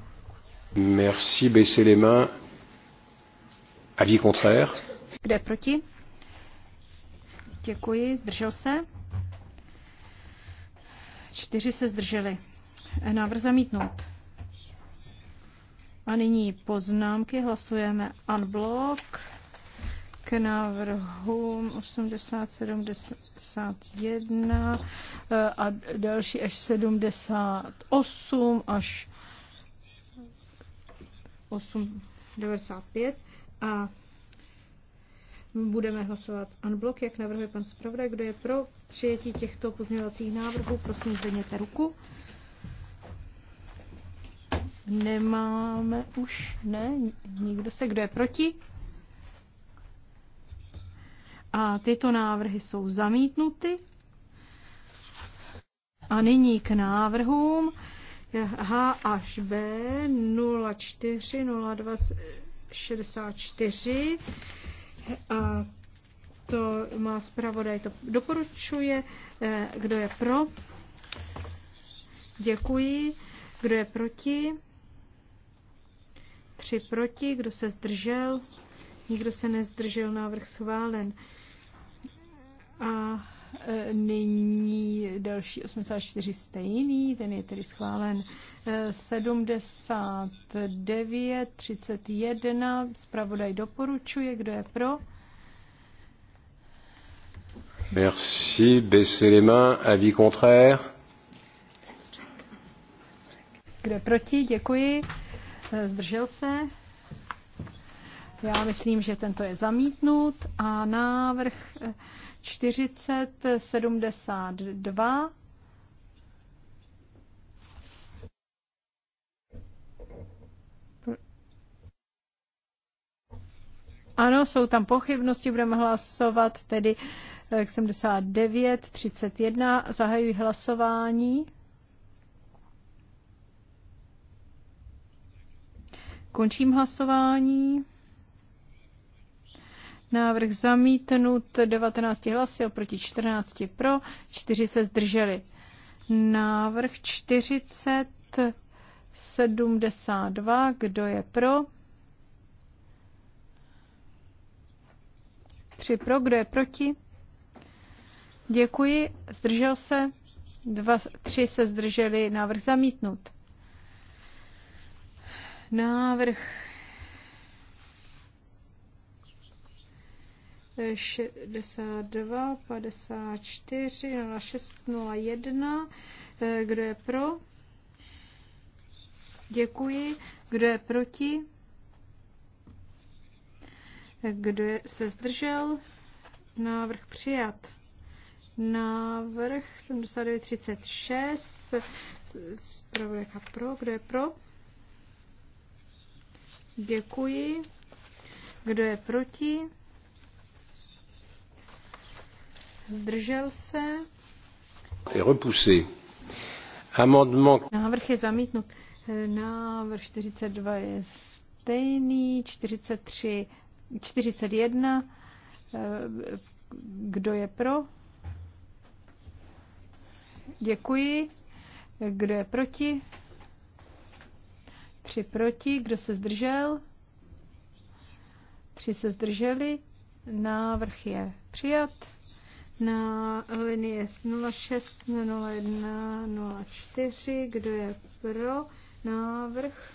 Merci, baissez les mains. Avis contraire. Kdo je proti? Děkuji, zdržel se. Čtyři se zdrželi. Návrh zamítnout. A nyní poznámky. Hlasujeme unblock k návrhům 8071 eh, a další až 78 až 895 a budeme hlasovat unblock, jak navrhuje pan zpravodaj. Kdo je pro přijetí těchto pozměňovacích návrhů, prosím zvedněte ruku. Nemáme už, ne? Nikdo se, kdo je proti? A tyto návrhy jsou zamítnuty. A nyní k návrhům H až B 040264. A to má zpravodaj, to doporučuje. Eh, kdo je pro? Děkuji. Kdo je proti? 3 proti, kdo se zdržel, nikdo se nezdržel, návrh schválen. A e, nyní další 84 stejný, ten je tedy schválen. 79, e, 31, zpravodaj doporučuje, kdo je pro. Merci, baissez les mains, avis contraire. Kdo je proti, děkuji. Eh, zdržel se. Já myslím, že tento je zamítnut a návrh 4072 eh, Ano, jsou tam pochybnosti, budeme hlasovat tedy 79, eh, 31. Zahajuji hlasování. Končím hlasování. Návrh zamítnut 19 hlasy oproti 14 pro, 4 se zdrželi. Návrh 4072, kdo je pro? 3 pro, kdo je proti? Děkuji, zdržel se. 2, 3 se zdrželi, návrh zamítnut. Návrh 62, 54, 0601. Kdo je pro? Děkuji. Kdo je proti? Kdo je, se zdržel? Návrh přijat. Návrh 36. Zpravodajka pro. Kdo je pro? Děkuji. Kdo je proti? Zdržel se? Je repoussé. Amendement. Návrh je zamítnut. Návrh 42 je stejný. 43, 41. Eh, kdo je pro? Děkuji. Kdo je proti? 3 proti, kdo se zdržel? 3 se zdrželi, návrh je přijat. Na linii 06 01 04, kdo je pro návrh?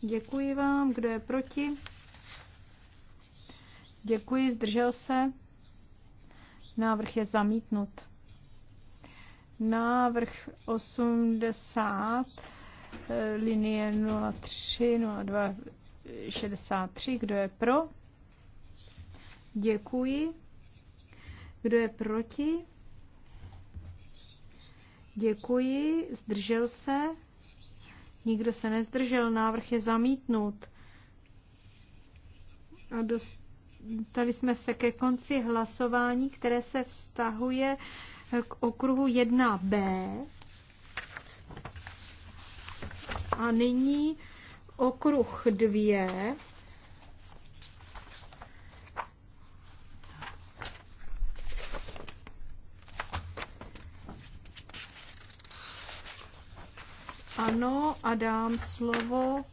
Děkuji vám, kdo je proti? Děkuji, zdržel se. Návrh je zamítnut. Návrh 80 eh, linie 03 02 63. Kdo je pro? Děkuji. Kdo je proti? Děkuji. Zdržel se? Nikdo se nezdržel. Návrh je zamítnut. A dostali jsme se ke konci hlasování, které se vztahuje k okruhu 1b. A nyní okruh 2. Ano, a dám slovo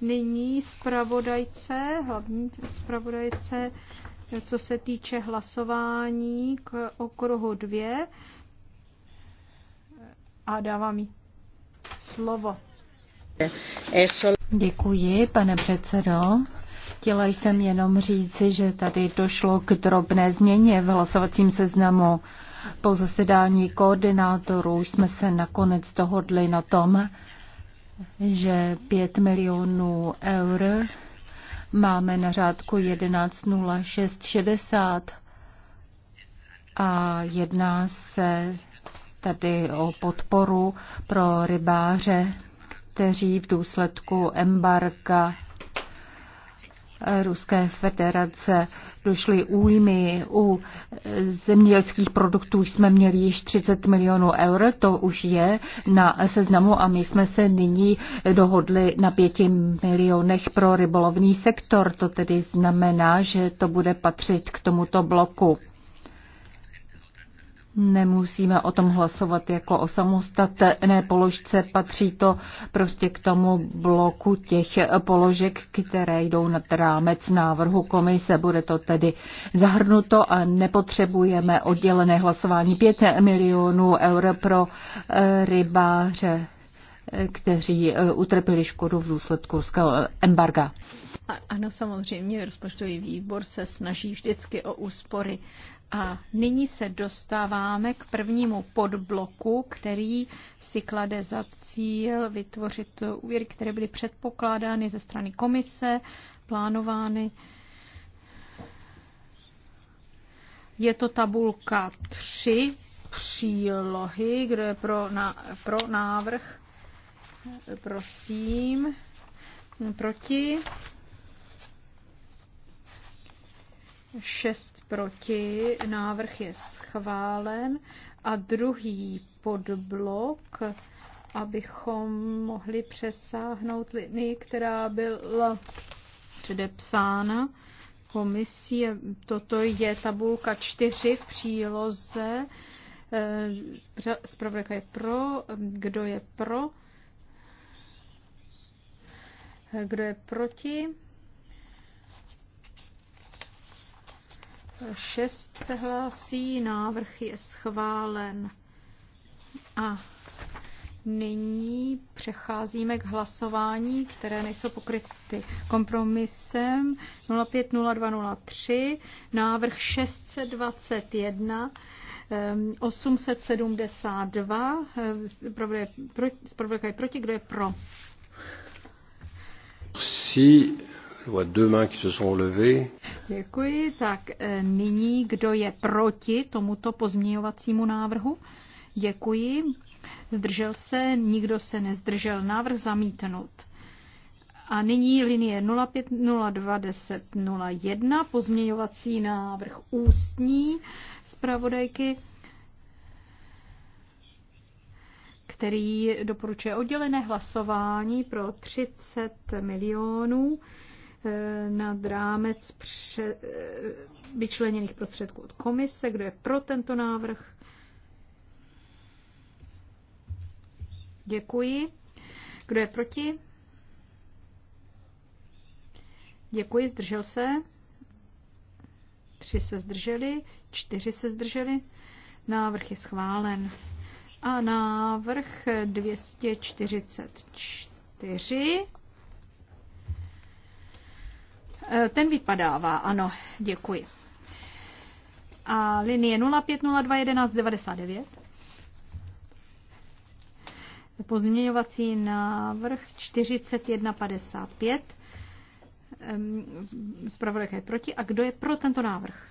nyní zpravodajce, hlavní zpravodajce co se týče hlasování k okruhu dvě a dávám jí slovo. Děkuji, pane předsedo. Chtěla jsem jenom říci, že tady došlo k drobné změně v hlasovacím seznamu. Po zasedání koordinátorů jsme se nakonec dohodli na tom, že 5 milionů eur Máme na řádku 11.06.60 a jedná se tady o podporu pro rybáře, kteří v důsledku embarka Ruské federace došly újmy. U zemědělských produktů jsme měli již 30 milionů eur, to už je na seznamu a my jsme se nyní dohodli na 5 milionech pro rybolovní sektor. To tedy znamená, že to bude patřit k tomuto bloku. Nemusíme o tom hlasovat jako o samostatné položce, patří to prostě k tomu bloku těch položek, které jdou nad rámec návrhu komise. Bude to tedy zahrnuto a nepotřebujeme oddělené hlasování 5 milionů eur pro eh, rybáře eh, kteří eh, utrpěli škodu v důsledku ruského embarga. Ano, samozřejmě, rozpočtový výbor se snaží vždycky o úspory a nyní se dostáváme k prvnímu podbloku, který si klade za cíl vytvořit úvěry, které byly předpokládány ze strany komise, plánovány. Je to tabulka 3 přílohy, kde je pro, na, pro návrh, prosím, proti, 6 proti, návrh je schválen a druhý podblok, abychom mohli přesáhnout linii, která byla předepsána komisí. Toto je tabulka 4 v příloze. Eh, zpravodajka je pro. Kdo je pro? Eh, kdo je proti? 6 se hlásí, návrh je schválen. A nyní přecházíme k hlasování, které nejsou pokryty kompromisem 050203, návrh 621, 872, zpravodaj proti, kdo je pro? Si je vois deux mains qui se sont levées. Děkuji. Tak eh, nyní, kdo je proti tomuto pozměňovacímu návrhu? Děkuji. Zdržel se, nikdo se nezdržel. Návrh zamítnut. A nyní linie 0502101, pozměňovací návrh ústní zpravodajky, který doporučuje oddělené hlasování pro 30 milionů Eh, nad rámec pře- eh, vyčleněných prostředků od komise. Kdo je pro tento návrh? Děkuji. Kdo je proti? Děkuji, zdržel se. Tři se zdrželi, čtyři se zdrželi. Návrh je schválen. A návrh 244 Eh, ten vypadává, ano, děkuji. A linie 0,502199. Pozměňovací návrh 4155. Ehm, zpravodajka je proti. A kdo je pro tento návrh?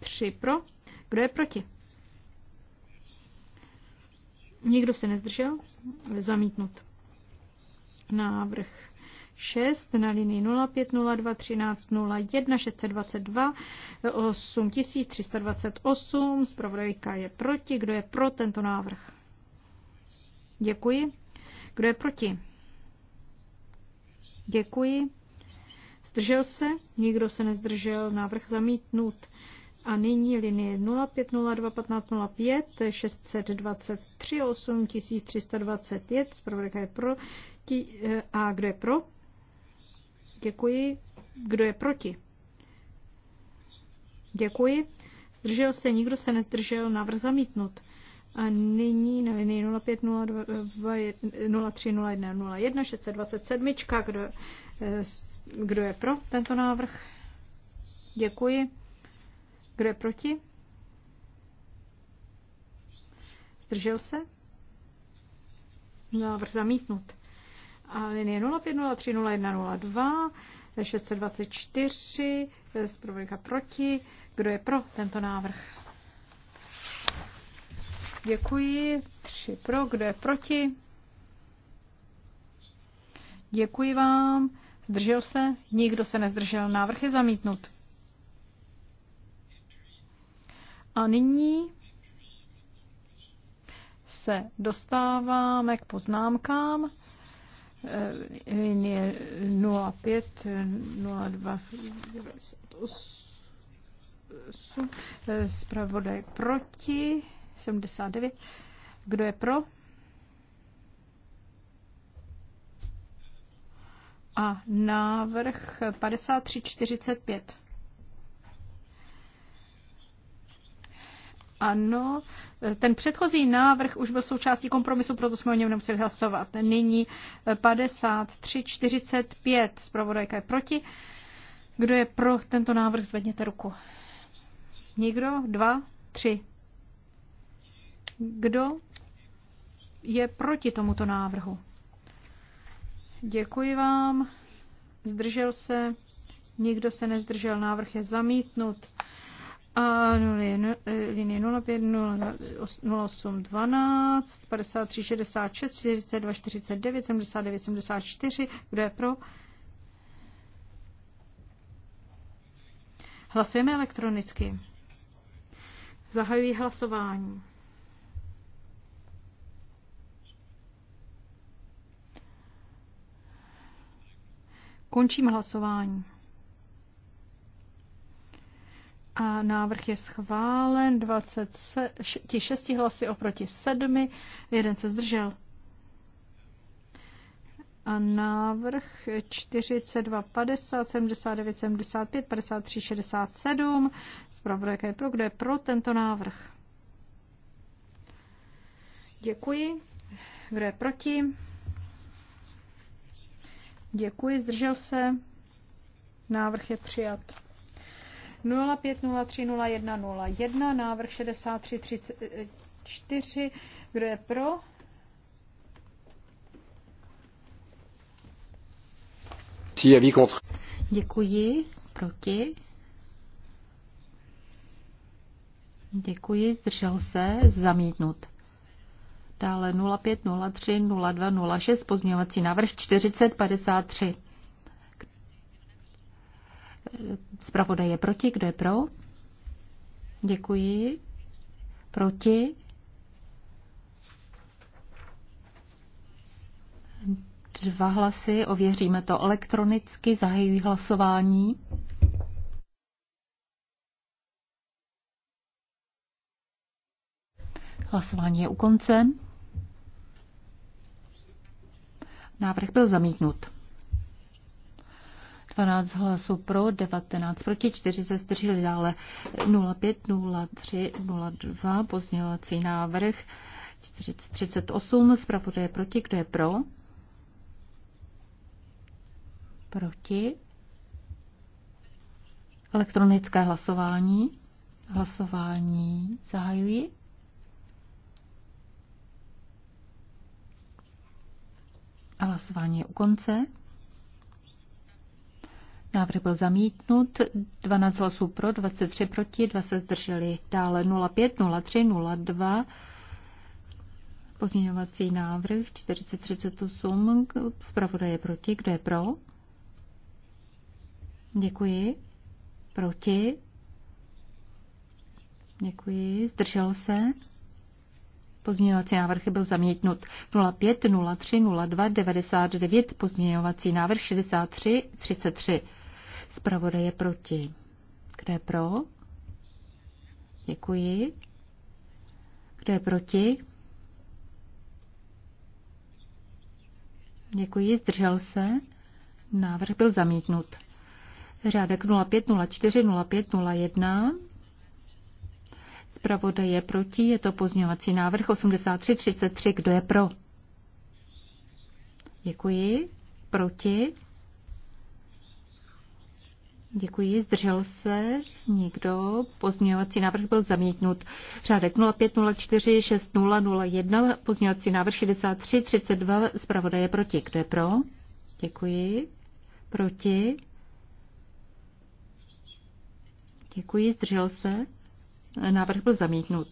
Tři pro. Kdo je proti? Nikdo se nezdržel? Zamítnut. Návrh 6 na linii 0502 1301 622 Zpravodajka je proti. Kdo je pro tento návrh? Děkuji. Kdo je proti? Děkuji. Zdržel se? Nikdo se nezdržel. Návrh zamítnut. A nyní linie 0502 1505 623 8321. Zpravodajka je pro. A kdo je pro? Děkuji. Kdo je proti? Děkuji. Zdržel se, nikdo se nezdržel, návrh zamítnut. A nyní na linii 0502030101 627, kdo, eh, kdo je pro tento návrh? Děkuji. Kdo je proti? Zdržel se? Návrh zamítnut a linie 05030102 624 z proti. Kdo je pro tento návrh? Děkuji. Tři pro. Kdo je proti? Děkuji vám. Zdržel se? Nikdo se nezdržel. Návrh je zamítnut. A nyní se dostáváme k poznámkám linie 05, 02, 8, zpravodaj proti, 79. Kdo je pro? A návrh 5345. Ano, ten předchozí návrh už byl součástí kompromisu, proto jsme o něm nemuseli hlasovat. Nyní 53, 45, zpravodajka je proti. Kdo je pro tento návrh, zvedněte ruku. Nikdo? Dva? Tři? Kdo je proti tomuto návrhu? Děkuji vám. Zdržel se? Nikdo se nezdržel. Návrh je zamítnut a 0, eh, linie 0, 0, 0, 0, 42 49, 79 74. 0, 0, pro? Hlasujeme elektronicky. 0, hlasování. 0, hlasování. A návrh je schválen 26 hlasy oproti 7, jeden se zdržel. A návrh 42, 50, 79, 75, 53, 67. Zpravodajka je pro, kdo je pro tento návrh. Děkuji. Kdo je proti? Děkuji, zdržel se. Návrh je přijat. 05030101, návrh 6334. Kdo je pro? Děkuji. Proti? Děkuji. Zdržel se. Zamítnut. Dále 05030206 pozměňovací návrh 4053. Zpravodaj je proti, kdo je pro? Děkuji. Proti? Dva hlasy, ověříme to elektronicky, zahajují hlasování. Hlasování je u konce. Návrh byl zamítnut. 12 hlasů pro, 19 proti, 4 se zdrželi dále 05, 03, 02, pozdělovací návrh 4038, zpravodaj proti, kdo je pro? Proti. Elektronické hlasování. Hlasování zahajuji. A hlasování je u konce. Návrh byl zamítnut, 12 hlasů pro, 23 proti, 2 se zdrželi. Dále 05, 03, 02, pozměňovací návrh 4038, zpravodaj je proti, kdo je pro? Děkuji. Proti? Děkuji. Zdržel se? Pozměňovací návrh byl zamítnut 05 03 02 99, pozměňovací návrh 63 33. Zpravodaje je proti. Kdo je pro? Děkuji. Kdo je proti? Děkuji, zdržel se. Návrh byl zamítnut. Řádek 0504 0501. Zpravodaj je proti, je to pozňovací návrh 8333. Kdo je pro? Děkuji. Proti? Děkuji. Zdržel se někdo? Pozměňovací návrh byl zamítnut. Řádek 0504 6001, pozměňovací návrh 63 32, zpravodaje proti. Kdo je pro? Děkuji. Proti? Děkuji. Zdržel se? Návrh byl zamítnut.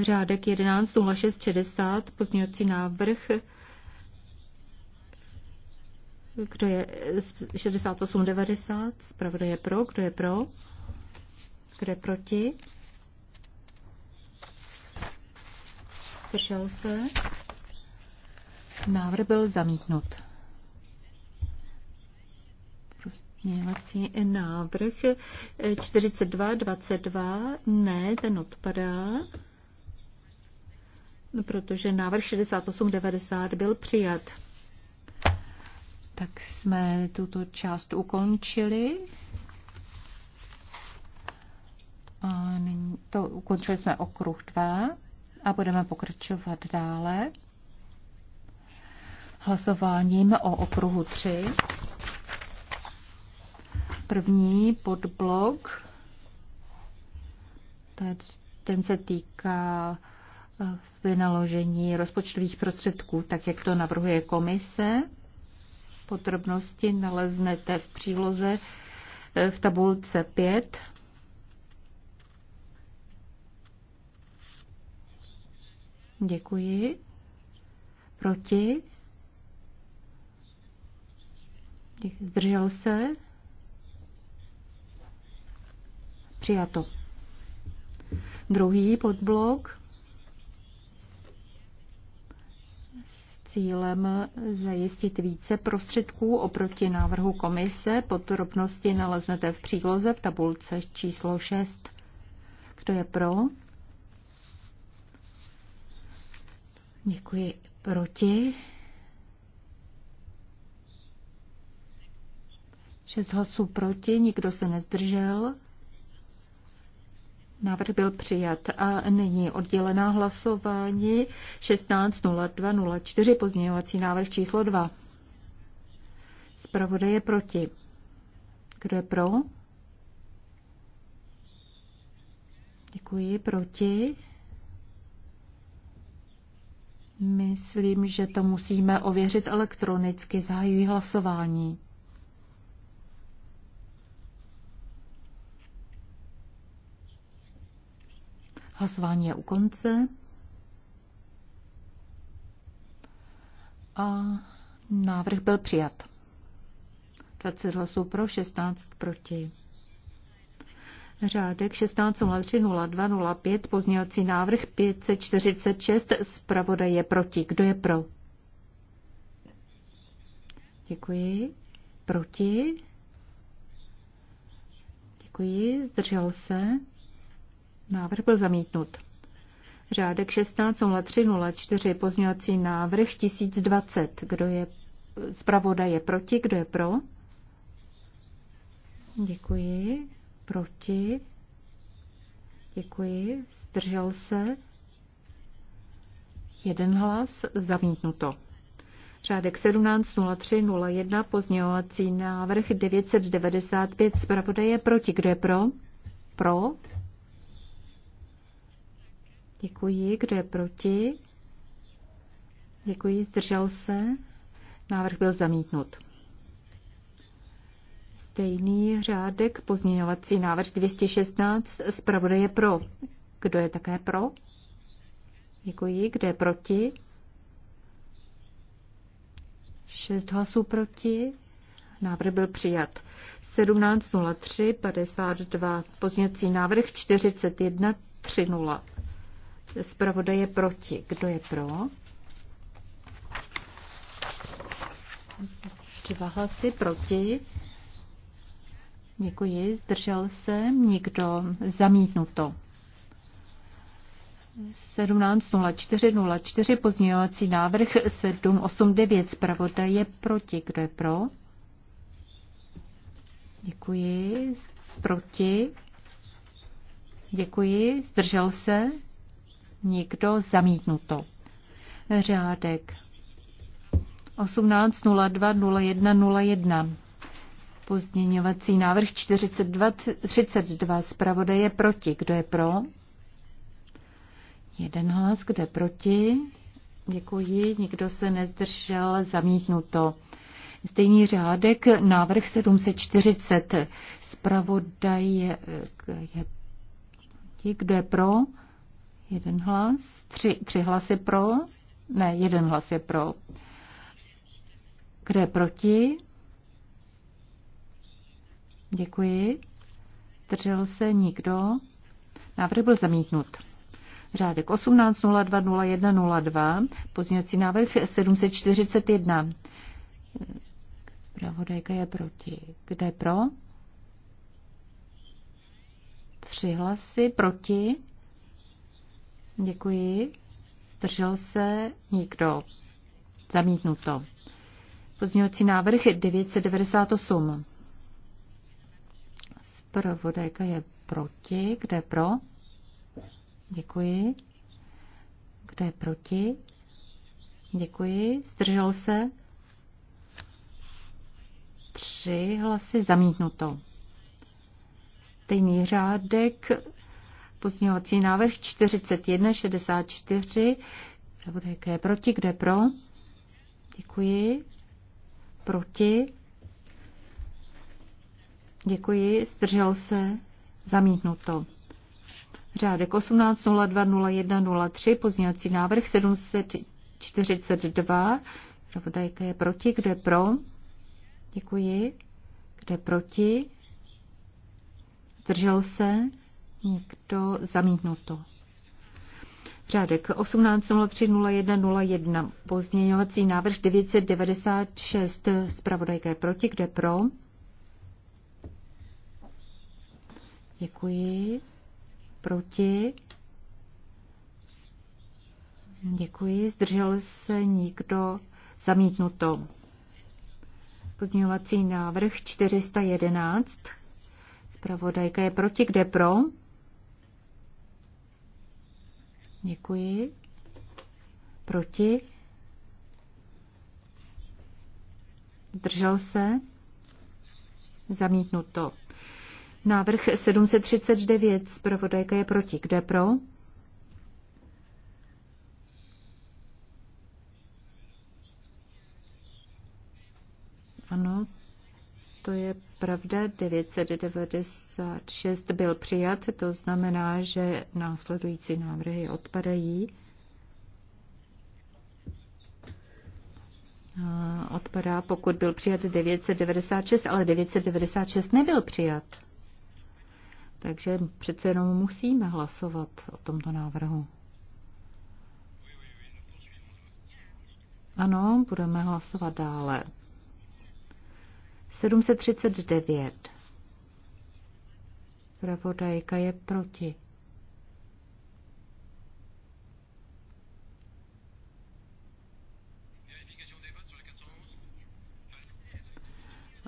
Řádek 11 0660, pozměňovací návrh kdo je 6890? Eh, Zpravda je pro. Kdo je pro? Kdo je proti? Zdržel se. Návrh byl zamítnut. Měvací návrh 42-22. Eh, ne, ten odpadá, protože návrh 68-90 byl přijat. Tak jsme tuto část ukončili. A nyní to ukončili jsme okruh 2 a budeme pokračovat dále hlasováním o okruhu 3. První podblok, ten se týká eh, vynaložení rozpočtových prostředků, tak jak to navrhuje komise. Podrobnosti naleznete v příloze eh, v tabulce 5. Děkuji. Proti? Zdržel se? Přijato. Druhý podblok. cílem zajistit více prostředků oproti návrhu komise. Podrobnosti naleznete v příloze v tabulce číslo 6. Kdo je pro? Děkuji. Proti? 6 hlasů proti, nikdo se nezdržel. Návrh byl přijat a nyní oddělená hlasování 16.02.04 pozměňovací návrh číslo 2. Zpravodaj je proti. Kdo je pro? Děkuji. Proti? Myslím, že to musíme ověřit elektronicky. Zahajuji hlasování. Hlasování je u konce. A návrh byl přijat. 20 hlasů pro, 16 proti. Řádek 16.03.02.05, pozměňovací návrh 546, zpravodaj je proti. Kdo je pro? Děkuji. Proti? Děkuji. Zdržel se? Návrh byl zamítnut. Řádek 16.03.04, pozměňovací návrh 1020. Kdo je zpravoda je proti, kdo je pro? Děkuji. Proti. Děkuji. Zdržel se. Jeden hlas. Zamítnuto. Řádek 17.03.01, pozměňovací návrh 995. Zpravoda je proti, kdo je pro? Pro. Děkuji. Kdo je proti? Děkuji. Zdržel se? Návrh byl zamítnut. Stejný řádek, pozměňovací návrh 216, zpravodaj je pro. Kdo je také pro? Děkuji. Kdo je proti? Šest hlasů proti. Návrh byl přijat. 17.03.52. Pozněcí návrh 41.30. Zpravodaje proti. Kdo je pro? Dva hlasy proti. Děkuji. Zdržel se někdo? Zamítnuto. 17.04.04 pozměňovací návrh 789 zpravodaje proti. Kdo je pro? Děkuji. Proti? Děkuji. Zdržel se? Nikdo zamítnuto. Řádek 18.02.01.01. Pozměňovací návrh 42.32. Spravodaje je proti. Kdo je pro? Jeden hlas. Kdo je proti? Děkuji. Nikdo se nezdržel. Zamítnuto. Stejný řádek, návrh 740. Zpravodaj je, je, je kdo je pro? Jeden hlas. Tři, tři hlasy pro. Ne, jeden hlas je pro. Kde je proti? Děkuji. Držel se nikdo. Návrh byl zamítnut. Řádek 18.02.01.02, Pozněcí návrh 741. Pravodajka je proti. Kde je pro? Tři hlasy proti. Děkuji. Zdržel se nikdo. Zamítnuto. Pozměňovací návrh 998. Zpravodajka je proti. Kde je pro? Děkuji. Kde je proti? Děkuji. Zdržel se? Tři hlasy zamítnuto. Stejný řádek Pozměňovací návrh 4164. Kdo je proti. Kdo je pro? Děkuji. Proti. Děkuji. Zdržel se. Zamítnuto. Řádek 18.02.01.03. Pozměňovací návrh 742. Pravodajka je proti. Kdo je pro? Děkuji. Kdo je proti? Zdržel se? Někdo zamítnuto. Řádek 18030101, pozměňovací návrh 996, Spravodajka je proti, kde pro? Děkuji. Proti? Děkuji. Zdržel se nikdo? Zamítnuto. Pozměňovací návrh 411. Spravodajka je proti, kde pro? Děkuji. Proti? Zdržel se? Zamítnuto. Návrh 739 zpravodajka je proti. Kde pro? Ano, to je pravda, 996 byl přijat, to znamená, že následující návrhy odpadají. Odpadá, pokud byl přijat 996, ale 996 nebyl přijat. Takže přece jenom musíme hlasovat o tomto návrhu. Ano, budeme hlasovat dále. 739. Pravodajka je proti.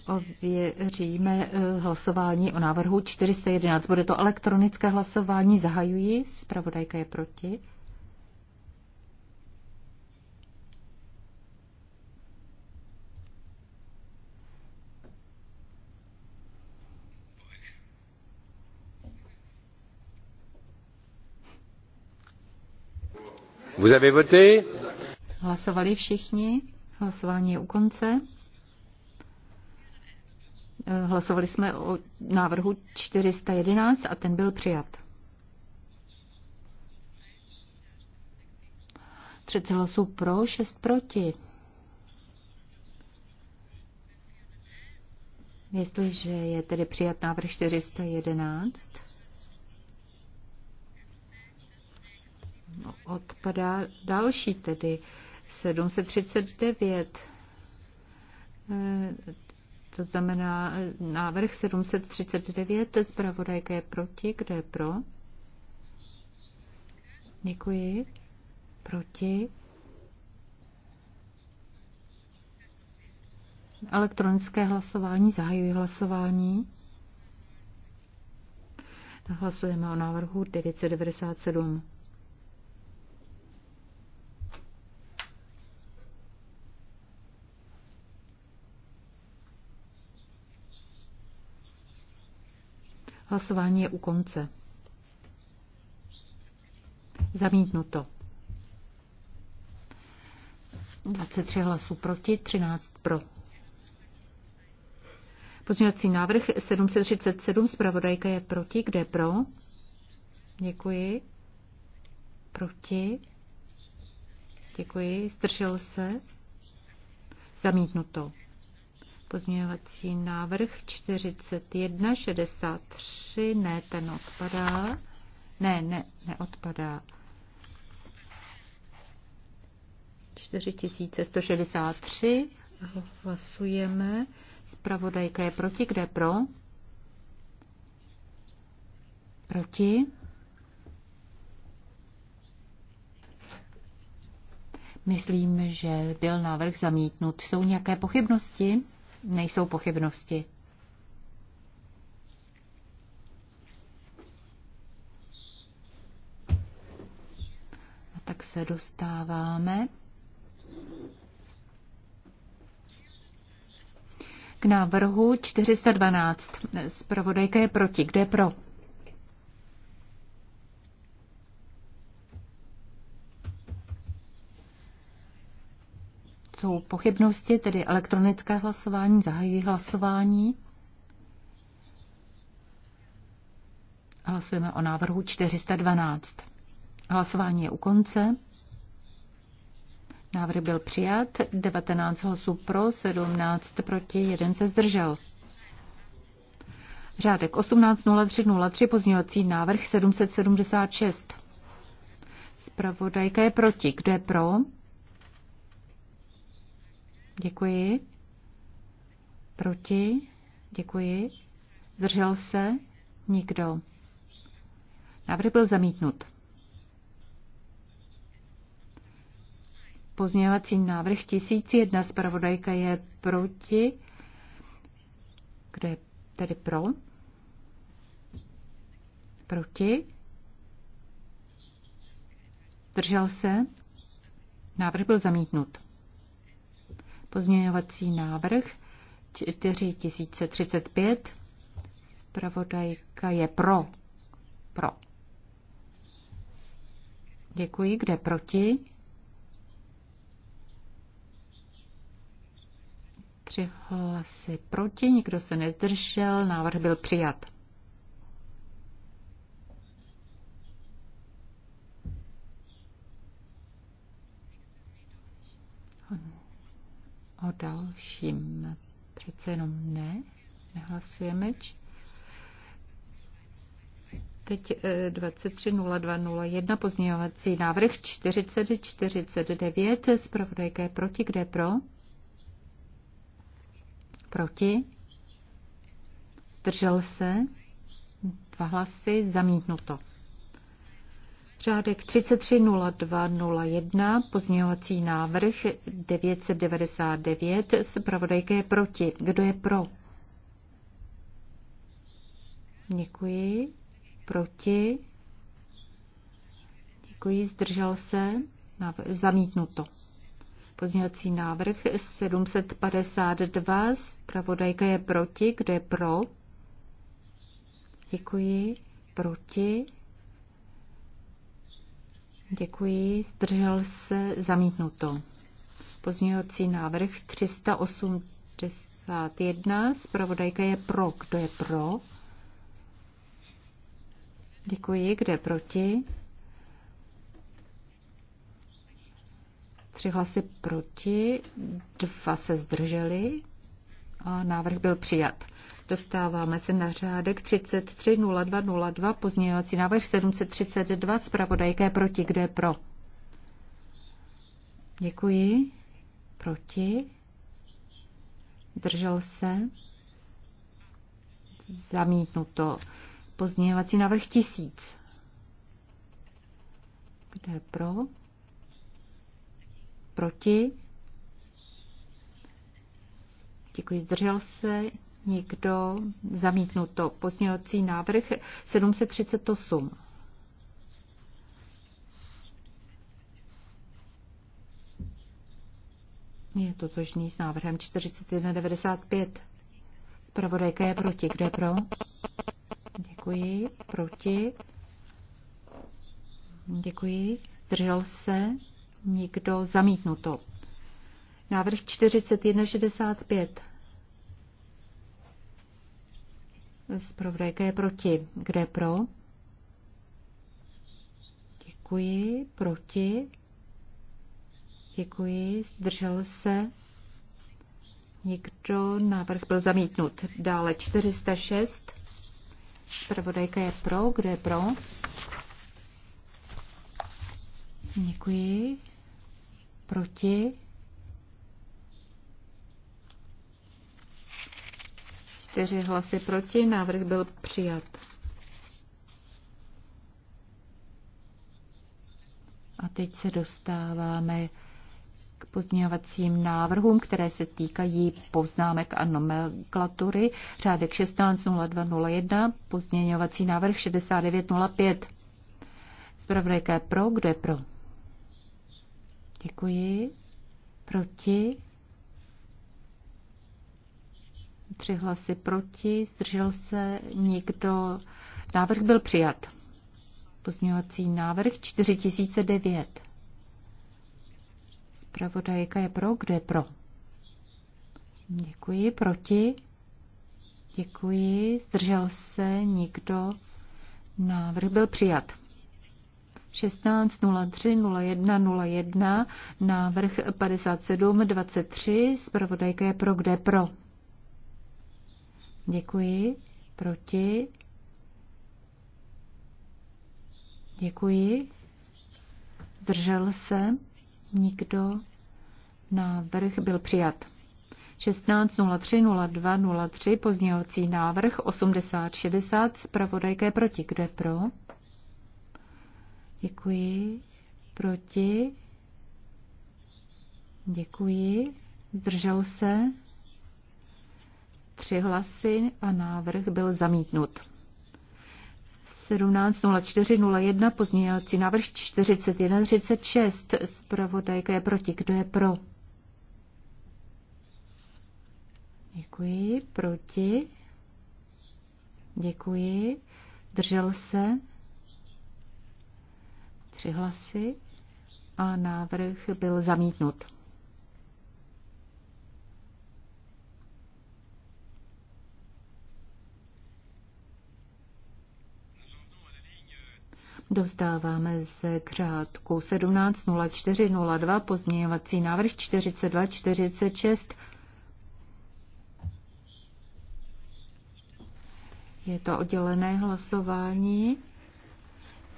Ověříme eh, hlasování o návrhu 411. Bude to elektronické hlasování. Zahajuji. Spravodajka je proti. Vous avez voté? Hlasovali všichni. Hlasování je u konce. Hlasovali jsme o návrhu 411 a ten byl přijat. Třetí hlasů pro, šest proti. Jestliže je tedy přijat návrh 411, Odpadá další, tedy 739. Eh, to znamená eh, návrh 739, zpravodajka je proti, kdo je pro? Děkuji. Proti. Elektronické hlasování, zahajuji hlasování. Hlasujeme o návrhu 997. Hlasování je u konce. Zamítnuto. 23 hlasů proti, 13 pro. Pozměňovací návrh 737, zpravodajka je proti, kde pro? Děkuji. Proti. Děkuji. Zdržel se. Zamítnuto. Pozměňovací návrh 4163, ne, ten odpadá. Ne, ne, neodpadá. 4163 hlasujeme. Spravodajka je proti, kde pro? Proti. Myslím, že byl návrh zamítnut. Jsou nějaké pochybnosti? nejsou pochybnosti. A tak se dostáváme k návrhu 412. Zpravodajka je proti. Kde je pro? jsou pochybnosti, tedy elektronické hlasování, zahají hlasování. Hlasujeme o návrhu 412. Hlasování je u konce. Návrh byl přijat, 19 hlasů pro, 17 proti, 1 se zdržel. Řádek 18.03.03, pozdňovací návrh 776. Spravodajka je proti. Kdo je pro? Děkuji. Proti? Děkuji. Zdržel se? Nikdo. Návrh byl zamítnut. Pozměňovací návrh 1001 spravodajka je proti. Kde je tedy pro? Proti? Zdržel se? Návrh byl zamítnut. Pozměňovací návrh 4035. Spravodajka je pro. Pro. Děkuji. Kde proti? Tři hlasy proti, nikdo se nezdržel, návrh byl přijat. o dalším. Přece jenom ne, nehlasujeme. Teď 23.02.01 eh, pozměňovací návrh 4049. Zpravodajka je proti. Kde je pro? Proti. Držel se. Dva hlasy. Zamítnuto. Řádek 330201, pozměňovací návrh 999, zpravodajka je proti. Kdo je pro? Děkuji. Proti? Děkuji, zdržel se. zamítnuto. Pozměňovací návrh 752, zpravodajka je proti. Kdo je pro? Děkuji. Proti? Děkuji. Zdržel se zamítnuto. Pozměňovací návrh 381. Zpravodajka je pro. Kdo je pro? Děkuji. Kde proti? Tři hlasy proti, dva se zdrželi a návrh byl přijat. Dostáváme se na řádek 330202, pozměňovací návrh 732, zpravodajka je proti, kde pro? Děkuji. Proti? Držel se? Zamítnuto. Pozměňovací návrh 1000. Kde pro? Proti? Děkuji, zdržel se. Někdo zamítnuto. Pozměňovací návrh 738. Je tožný s návrhem 4195. Pravodajka je proti. Kde pro? Děkuji. Proti. Děkuji. Zdržel se. Nikdo zamítnuto. Návrh 4165. Zpravodajka je proti. Kde je pro? Děkuji. Proti? Děkuji. Zdržel se? Nikdo. Návrh byl zamítnut. Dále 406. Zpravodajka je pro. Kde je pro? Děkuji. Proti? 4 hlasy proti, návrh byl přijat. A teď se dostáváme k pozměňovacím návrhům, které se týkají poznámek a nomenklatury. Řádek 16.02.01, pozměňovací návrh 69.05. Zpravodajka pro, kdo je pro? Děkuji. Proti? tři hlasy proti, zdržel se někdo. Návrh byl přijat. Pozměňovací návrh 4009. Zpravodajka je pro, kde je pro? Děkuji, proti? Děkuji, zdržel se někdo. Návrh byl přijat. 16.03.01.01, návrh 57.23, zpravodajka je pro, kde pro? Děkuji. Proti. Děkuji. Zdržel se. Nikdo. Návrh byl přijat. 16.03.02.03 pozdějovací návrh 8060 zpravodajka je proti. Kdo je pro? Děkuji. Proti. Děkuji. Zdržel se tři hlasy a návrh byl zamítnut. 17.04.01 pozměňovací návrh 41.36. Zpravodajka je proti. Kdo je pro? Děkuji. Proti. Děkuji. Držel se. Tři hlasy. A návrh byl zamítnut. Dostáváme se k řádku 170402, pozměňovací návrh 4246. Je to oddělené hlasování.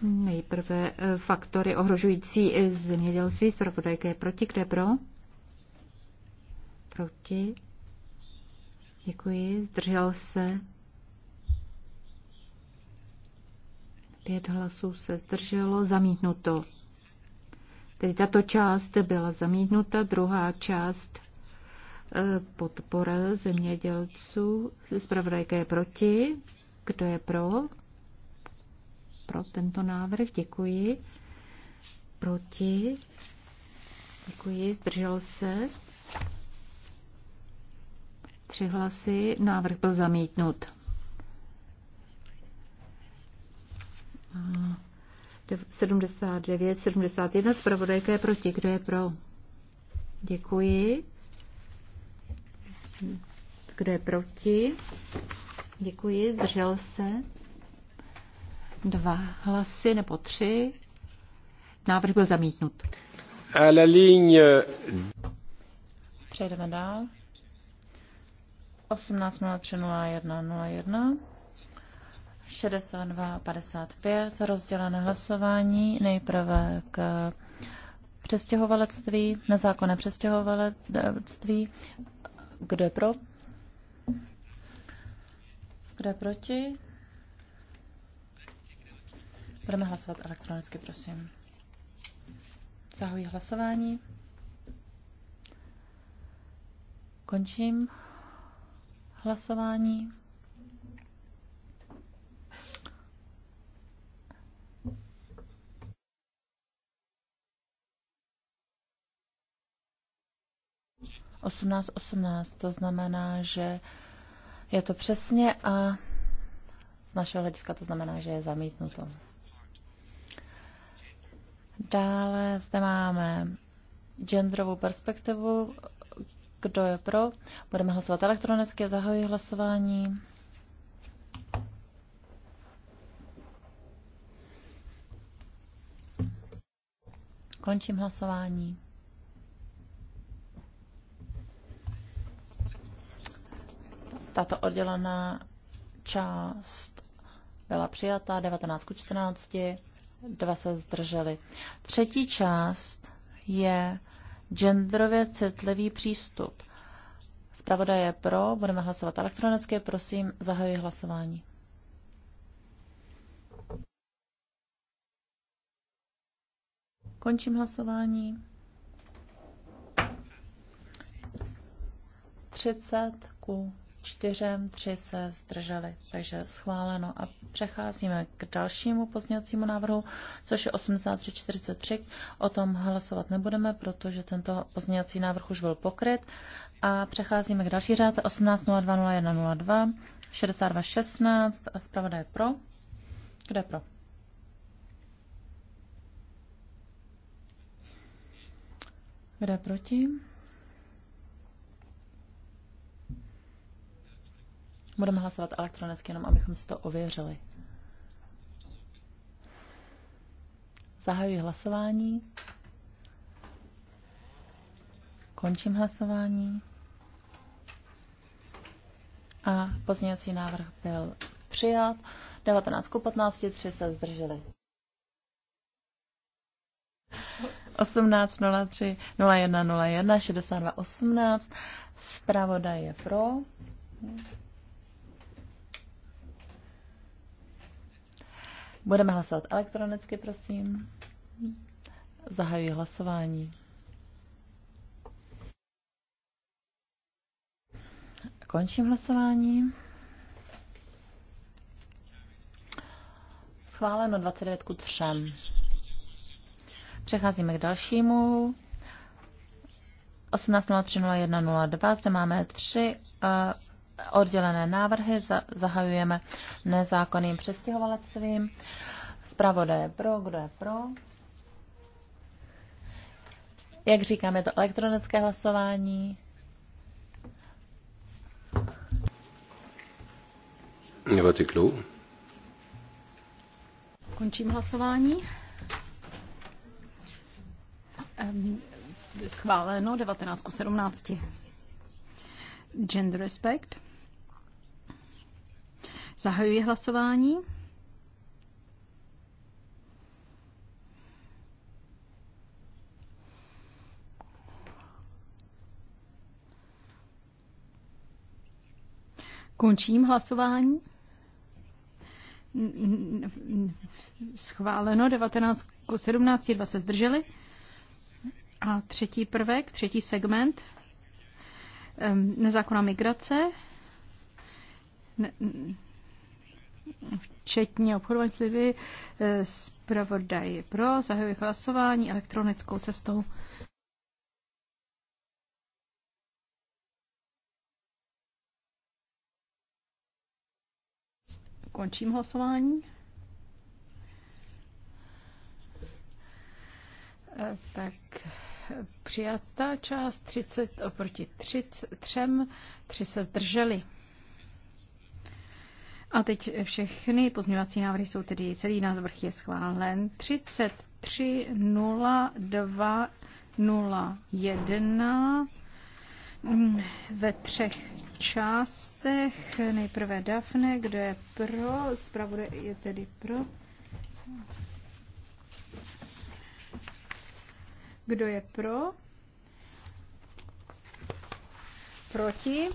Nejprve eh, faktory ohrožující eh, zemědělství. Zpravodajka je proti. Kde pro? Proti. Děkuji. Zdržel se. Pět hlasů se zdrželo, zamítnuto. Tedy tato část byla zamítnuta, druhá část eh, podpora zemědělců. Zpravodajka je proti. Kdo je pro? Pro tento návrh, děkuji. Proti. Děkuji, zdržel se. Tři hlasy, návrh byl zamítnut. 79, 71. Zpravodajka je proti. Kdo je pro? Děkuji. Kdo je proti? Děkuji. Zdržel se. Dva hlasy nebo tři. Návrh byl zamítnut. Přejdeme dál. 18.03.01.01. 6255 rozdělené hlasování nejprve k přestěhovalectví, nezákonné přestěhovalectví. Kdo je pro? Kdo je proti? Budeme hlasovat elektronicky, prosím. Zahuji hlasování. Končím hlasování. 18.18. To znamená, že je to přesně a z našeho hlediska to znamená, že je zamítnuto. Dále zde máme genderovou perspektivu. Kdo je pro? Budeme hlasovat elektronicky. Zahajuji hlasování. Končím hlasování. Tato oddělená část byla přijata 19 k 14, dva se zdrželi. Třetí část je genderově citlivý přístup. Zpravodaj je pro, budeme hlasovat elektronicky, prosím, zahajuji hlasování. Končím hlasování. 30 ku čtyřem, tři se zdrželi, takže schváleno. A přecházíme k dalšímu pozměňovacímu návrhu, což je 8343. O tom hlasovat nebudeme, protože tento pozměňovací návrh už byl pokryt. A přecházíme k další řádce 18020102 6216 a zpravodaj pro. Kde pro? Kde proti? Budeme hlasovat elektronicky, jenom abychom si to ověřili. Zahajuji hlasování. Končím hlasování. A pozměňovací návrh byl přijat. 19 ku 15, 3 se zdrželi. 18.03.01.01.62.18. Zpravodaj je pro. Budeme hlasovat elektronicky, prosím. Zahajuji hlasování. Končím hlasování. Schváleno 29 ku 3. Přecházíme k dalšímu. 18.03.01.02. Zde máme tři eh, oddělené návrhy zahajujeme nezákonným přestěhovalectvím. Zpravodaj je pro, kdo je pro? Jak říkáme to elektronické hlasování. Končím hlasování. Ehm, schváleno 19.17. 17. Gender Respect. Zahajuji hlasování. Končím hlasování. Schváleno 19 17, 2 se zdrželi. A třetí prvek, třetí segment nezákonná migrace, včetně obchodování s lidmi, e, zpravodaj pro, zahajuje hlasování elektronickou cestou. Končím hlasování. E, tak přijata část 30 oproti 3, 3 se zdrželi. A teď všechny pozměňovací návrhy jsou tedy, celý návrh je schválen. 33 mm, ve třech částech. Nejprve Dafne, kdo je pro, zpravodaj je tedy pro. Kdo je pro? Proti?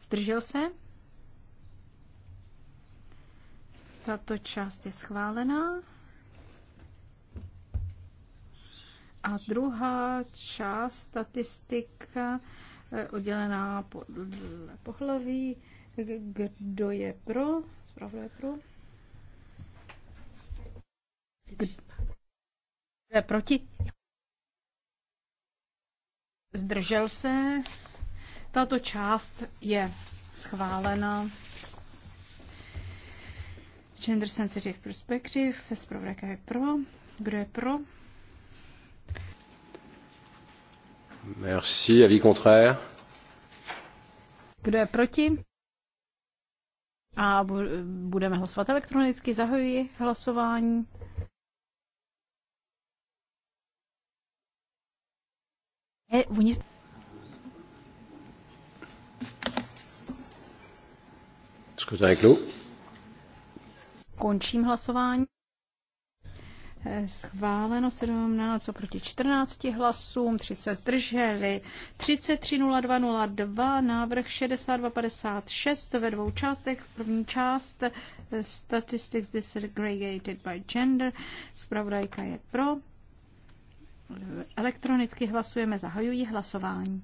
Zdržel se? Tato část je schválená. A druhá část statistika eh, oddělená podle pohlaví. Kdo je pro? Zpravdu je pro. Kdo je proti? Zdržel se. Tato část je schválena. Gender Sensitive Perspective, Fest pro je pro. Kdo je pro? Merci, avis contraire. Kdo je proti? A budeme hlasovat elektronicky. Zahajuji hlasování. Eh, oni... Končím hlasování. Eh, schváleno 17 proti 14 hlasům, 3 se zdrželi. 330202, návrh 6256 ve dvou částech. První část eh, Statistics Disaggregated by Gender. Spravodajka je pro. Elektronicky hlasujeme, zahajují hlasování.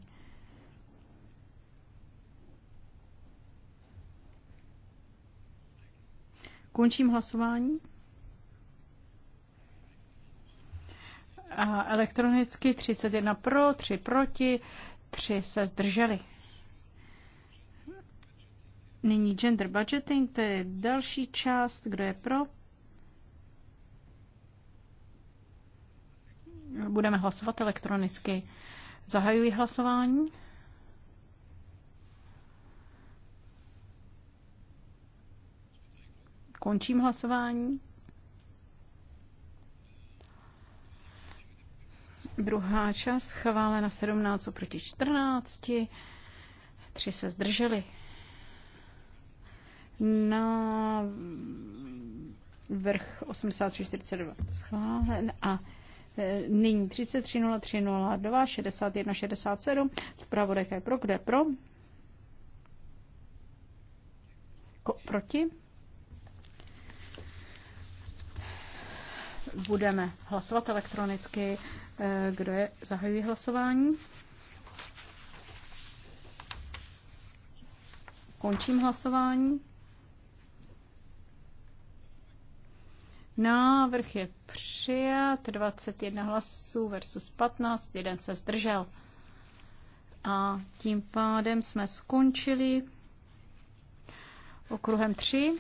Končím hlasování. A elektronicky 31 pro, 3 proti, 3 se zdrželi. Nyní gender budgeting, to je další část, kdo je pro, Budeme hlasovat elektronicky. Zahajuji hlasování. Končím hlasování. Druhá část chválena 17 proti 14. Tři se zdrželi. Na vrch 83.42 schválen a Eh, nyní 33.03.02.61.67 03 02 Zpravodajka je pro. kde pro? Ko, proti? Budeme hlasovat elektronicky. Eh, kdo je zahajují hlasování? Končím hlasování. Návrh je přijat, 21 hlasů versus 15, jeden se zdržel. A tím pádem jsme skončili okruhem 3.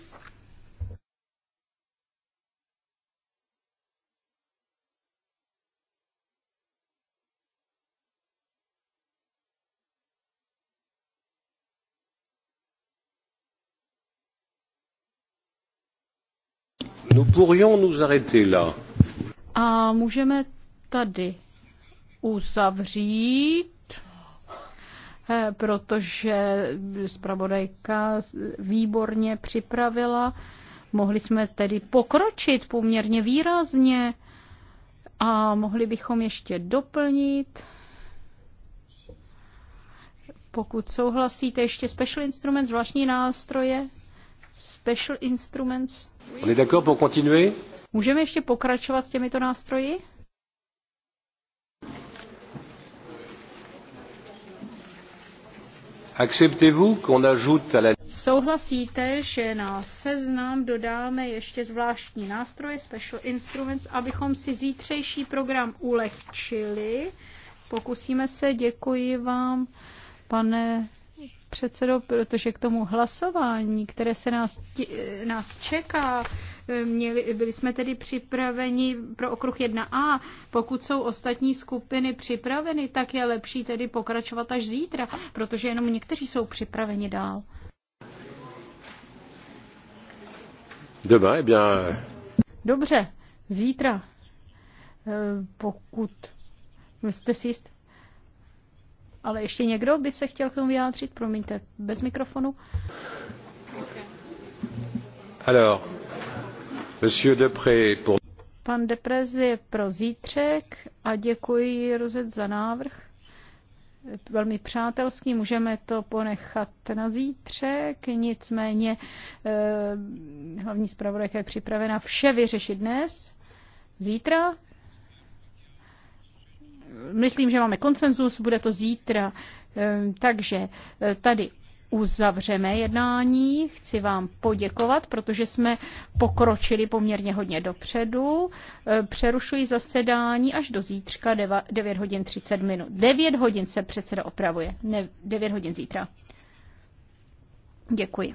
A můžeme tady uzavřít, eh, protože zpravodajka výborně připravila. Mohli jsme tedy pokročit poměrně výrazně a mohli bychom ještě doplnit pokud souhlasíte, ještě special instrument, zvláštní nástroje special instruments. On est d'accord pour continuer? Můžeme ještě pokračovat s těmito nástroji? Souhlasíte, že na seznam dodáme ještě zvláštní nástroje, special instruments, abychom si zítřejší program ulehčili? Pokusíme se, děkuji vám, pane předsedo, protože k tomu hlasování, které se nás, nás čeká, měli, byli jsme tedy připraveni pro okruh 1a. Pokud jsou ostatní skupiny připraveny, tak je lepší tedy pokračovat až zítra, protože jenom někteří jsou připraveni dál. Eh Dobře, zítra. Eh, pokud jste si jistý, ale ještě někdo by se chtěl k tomu vyjádřit? Promiňte, bez mikrofonu. Alors, monsieur Depré pour... Pan Deprez je pro zítřek a děkuji Rozet za návrh. Velmi přátelský, můžeme to ponechat na zítřek, nicméně eh, hlavní zpravodajka je připravena vše vyřešit dnes, zítra myslím, že máme konsenzus, bude to zítra. Ehm, takže eh, tady uzavřeme jednání. Chci vám poděkovat, protože jsme pokročili poměrně hodně dopředu. Eh, přerušuji zasedání až do zítřka 9 hodin 30 minut. 9 hodin se předseda opravuje, ne 9 hodin zítra. Děkuji.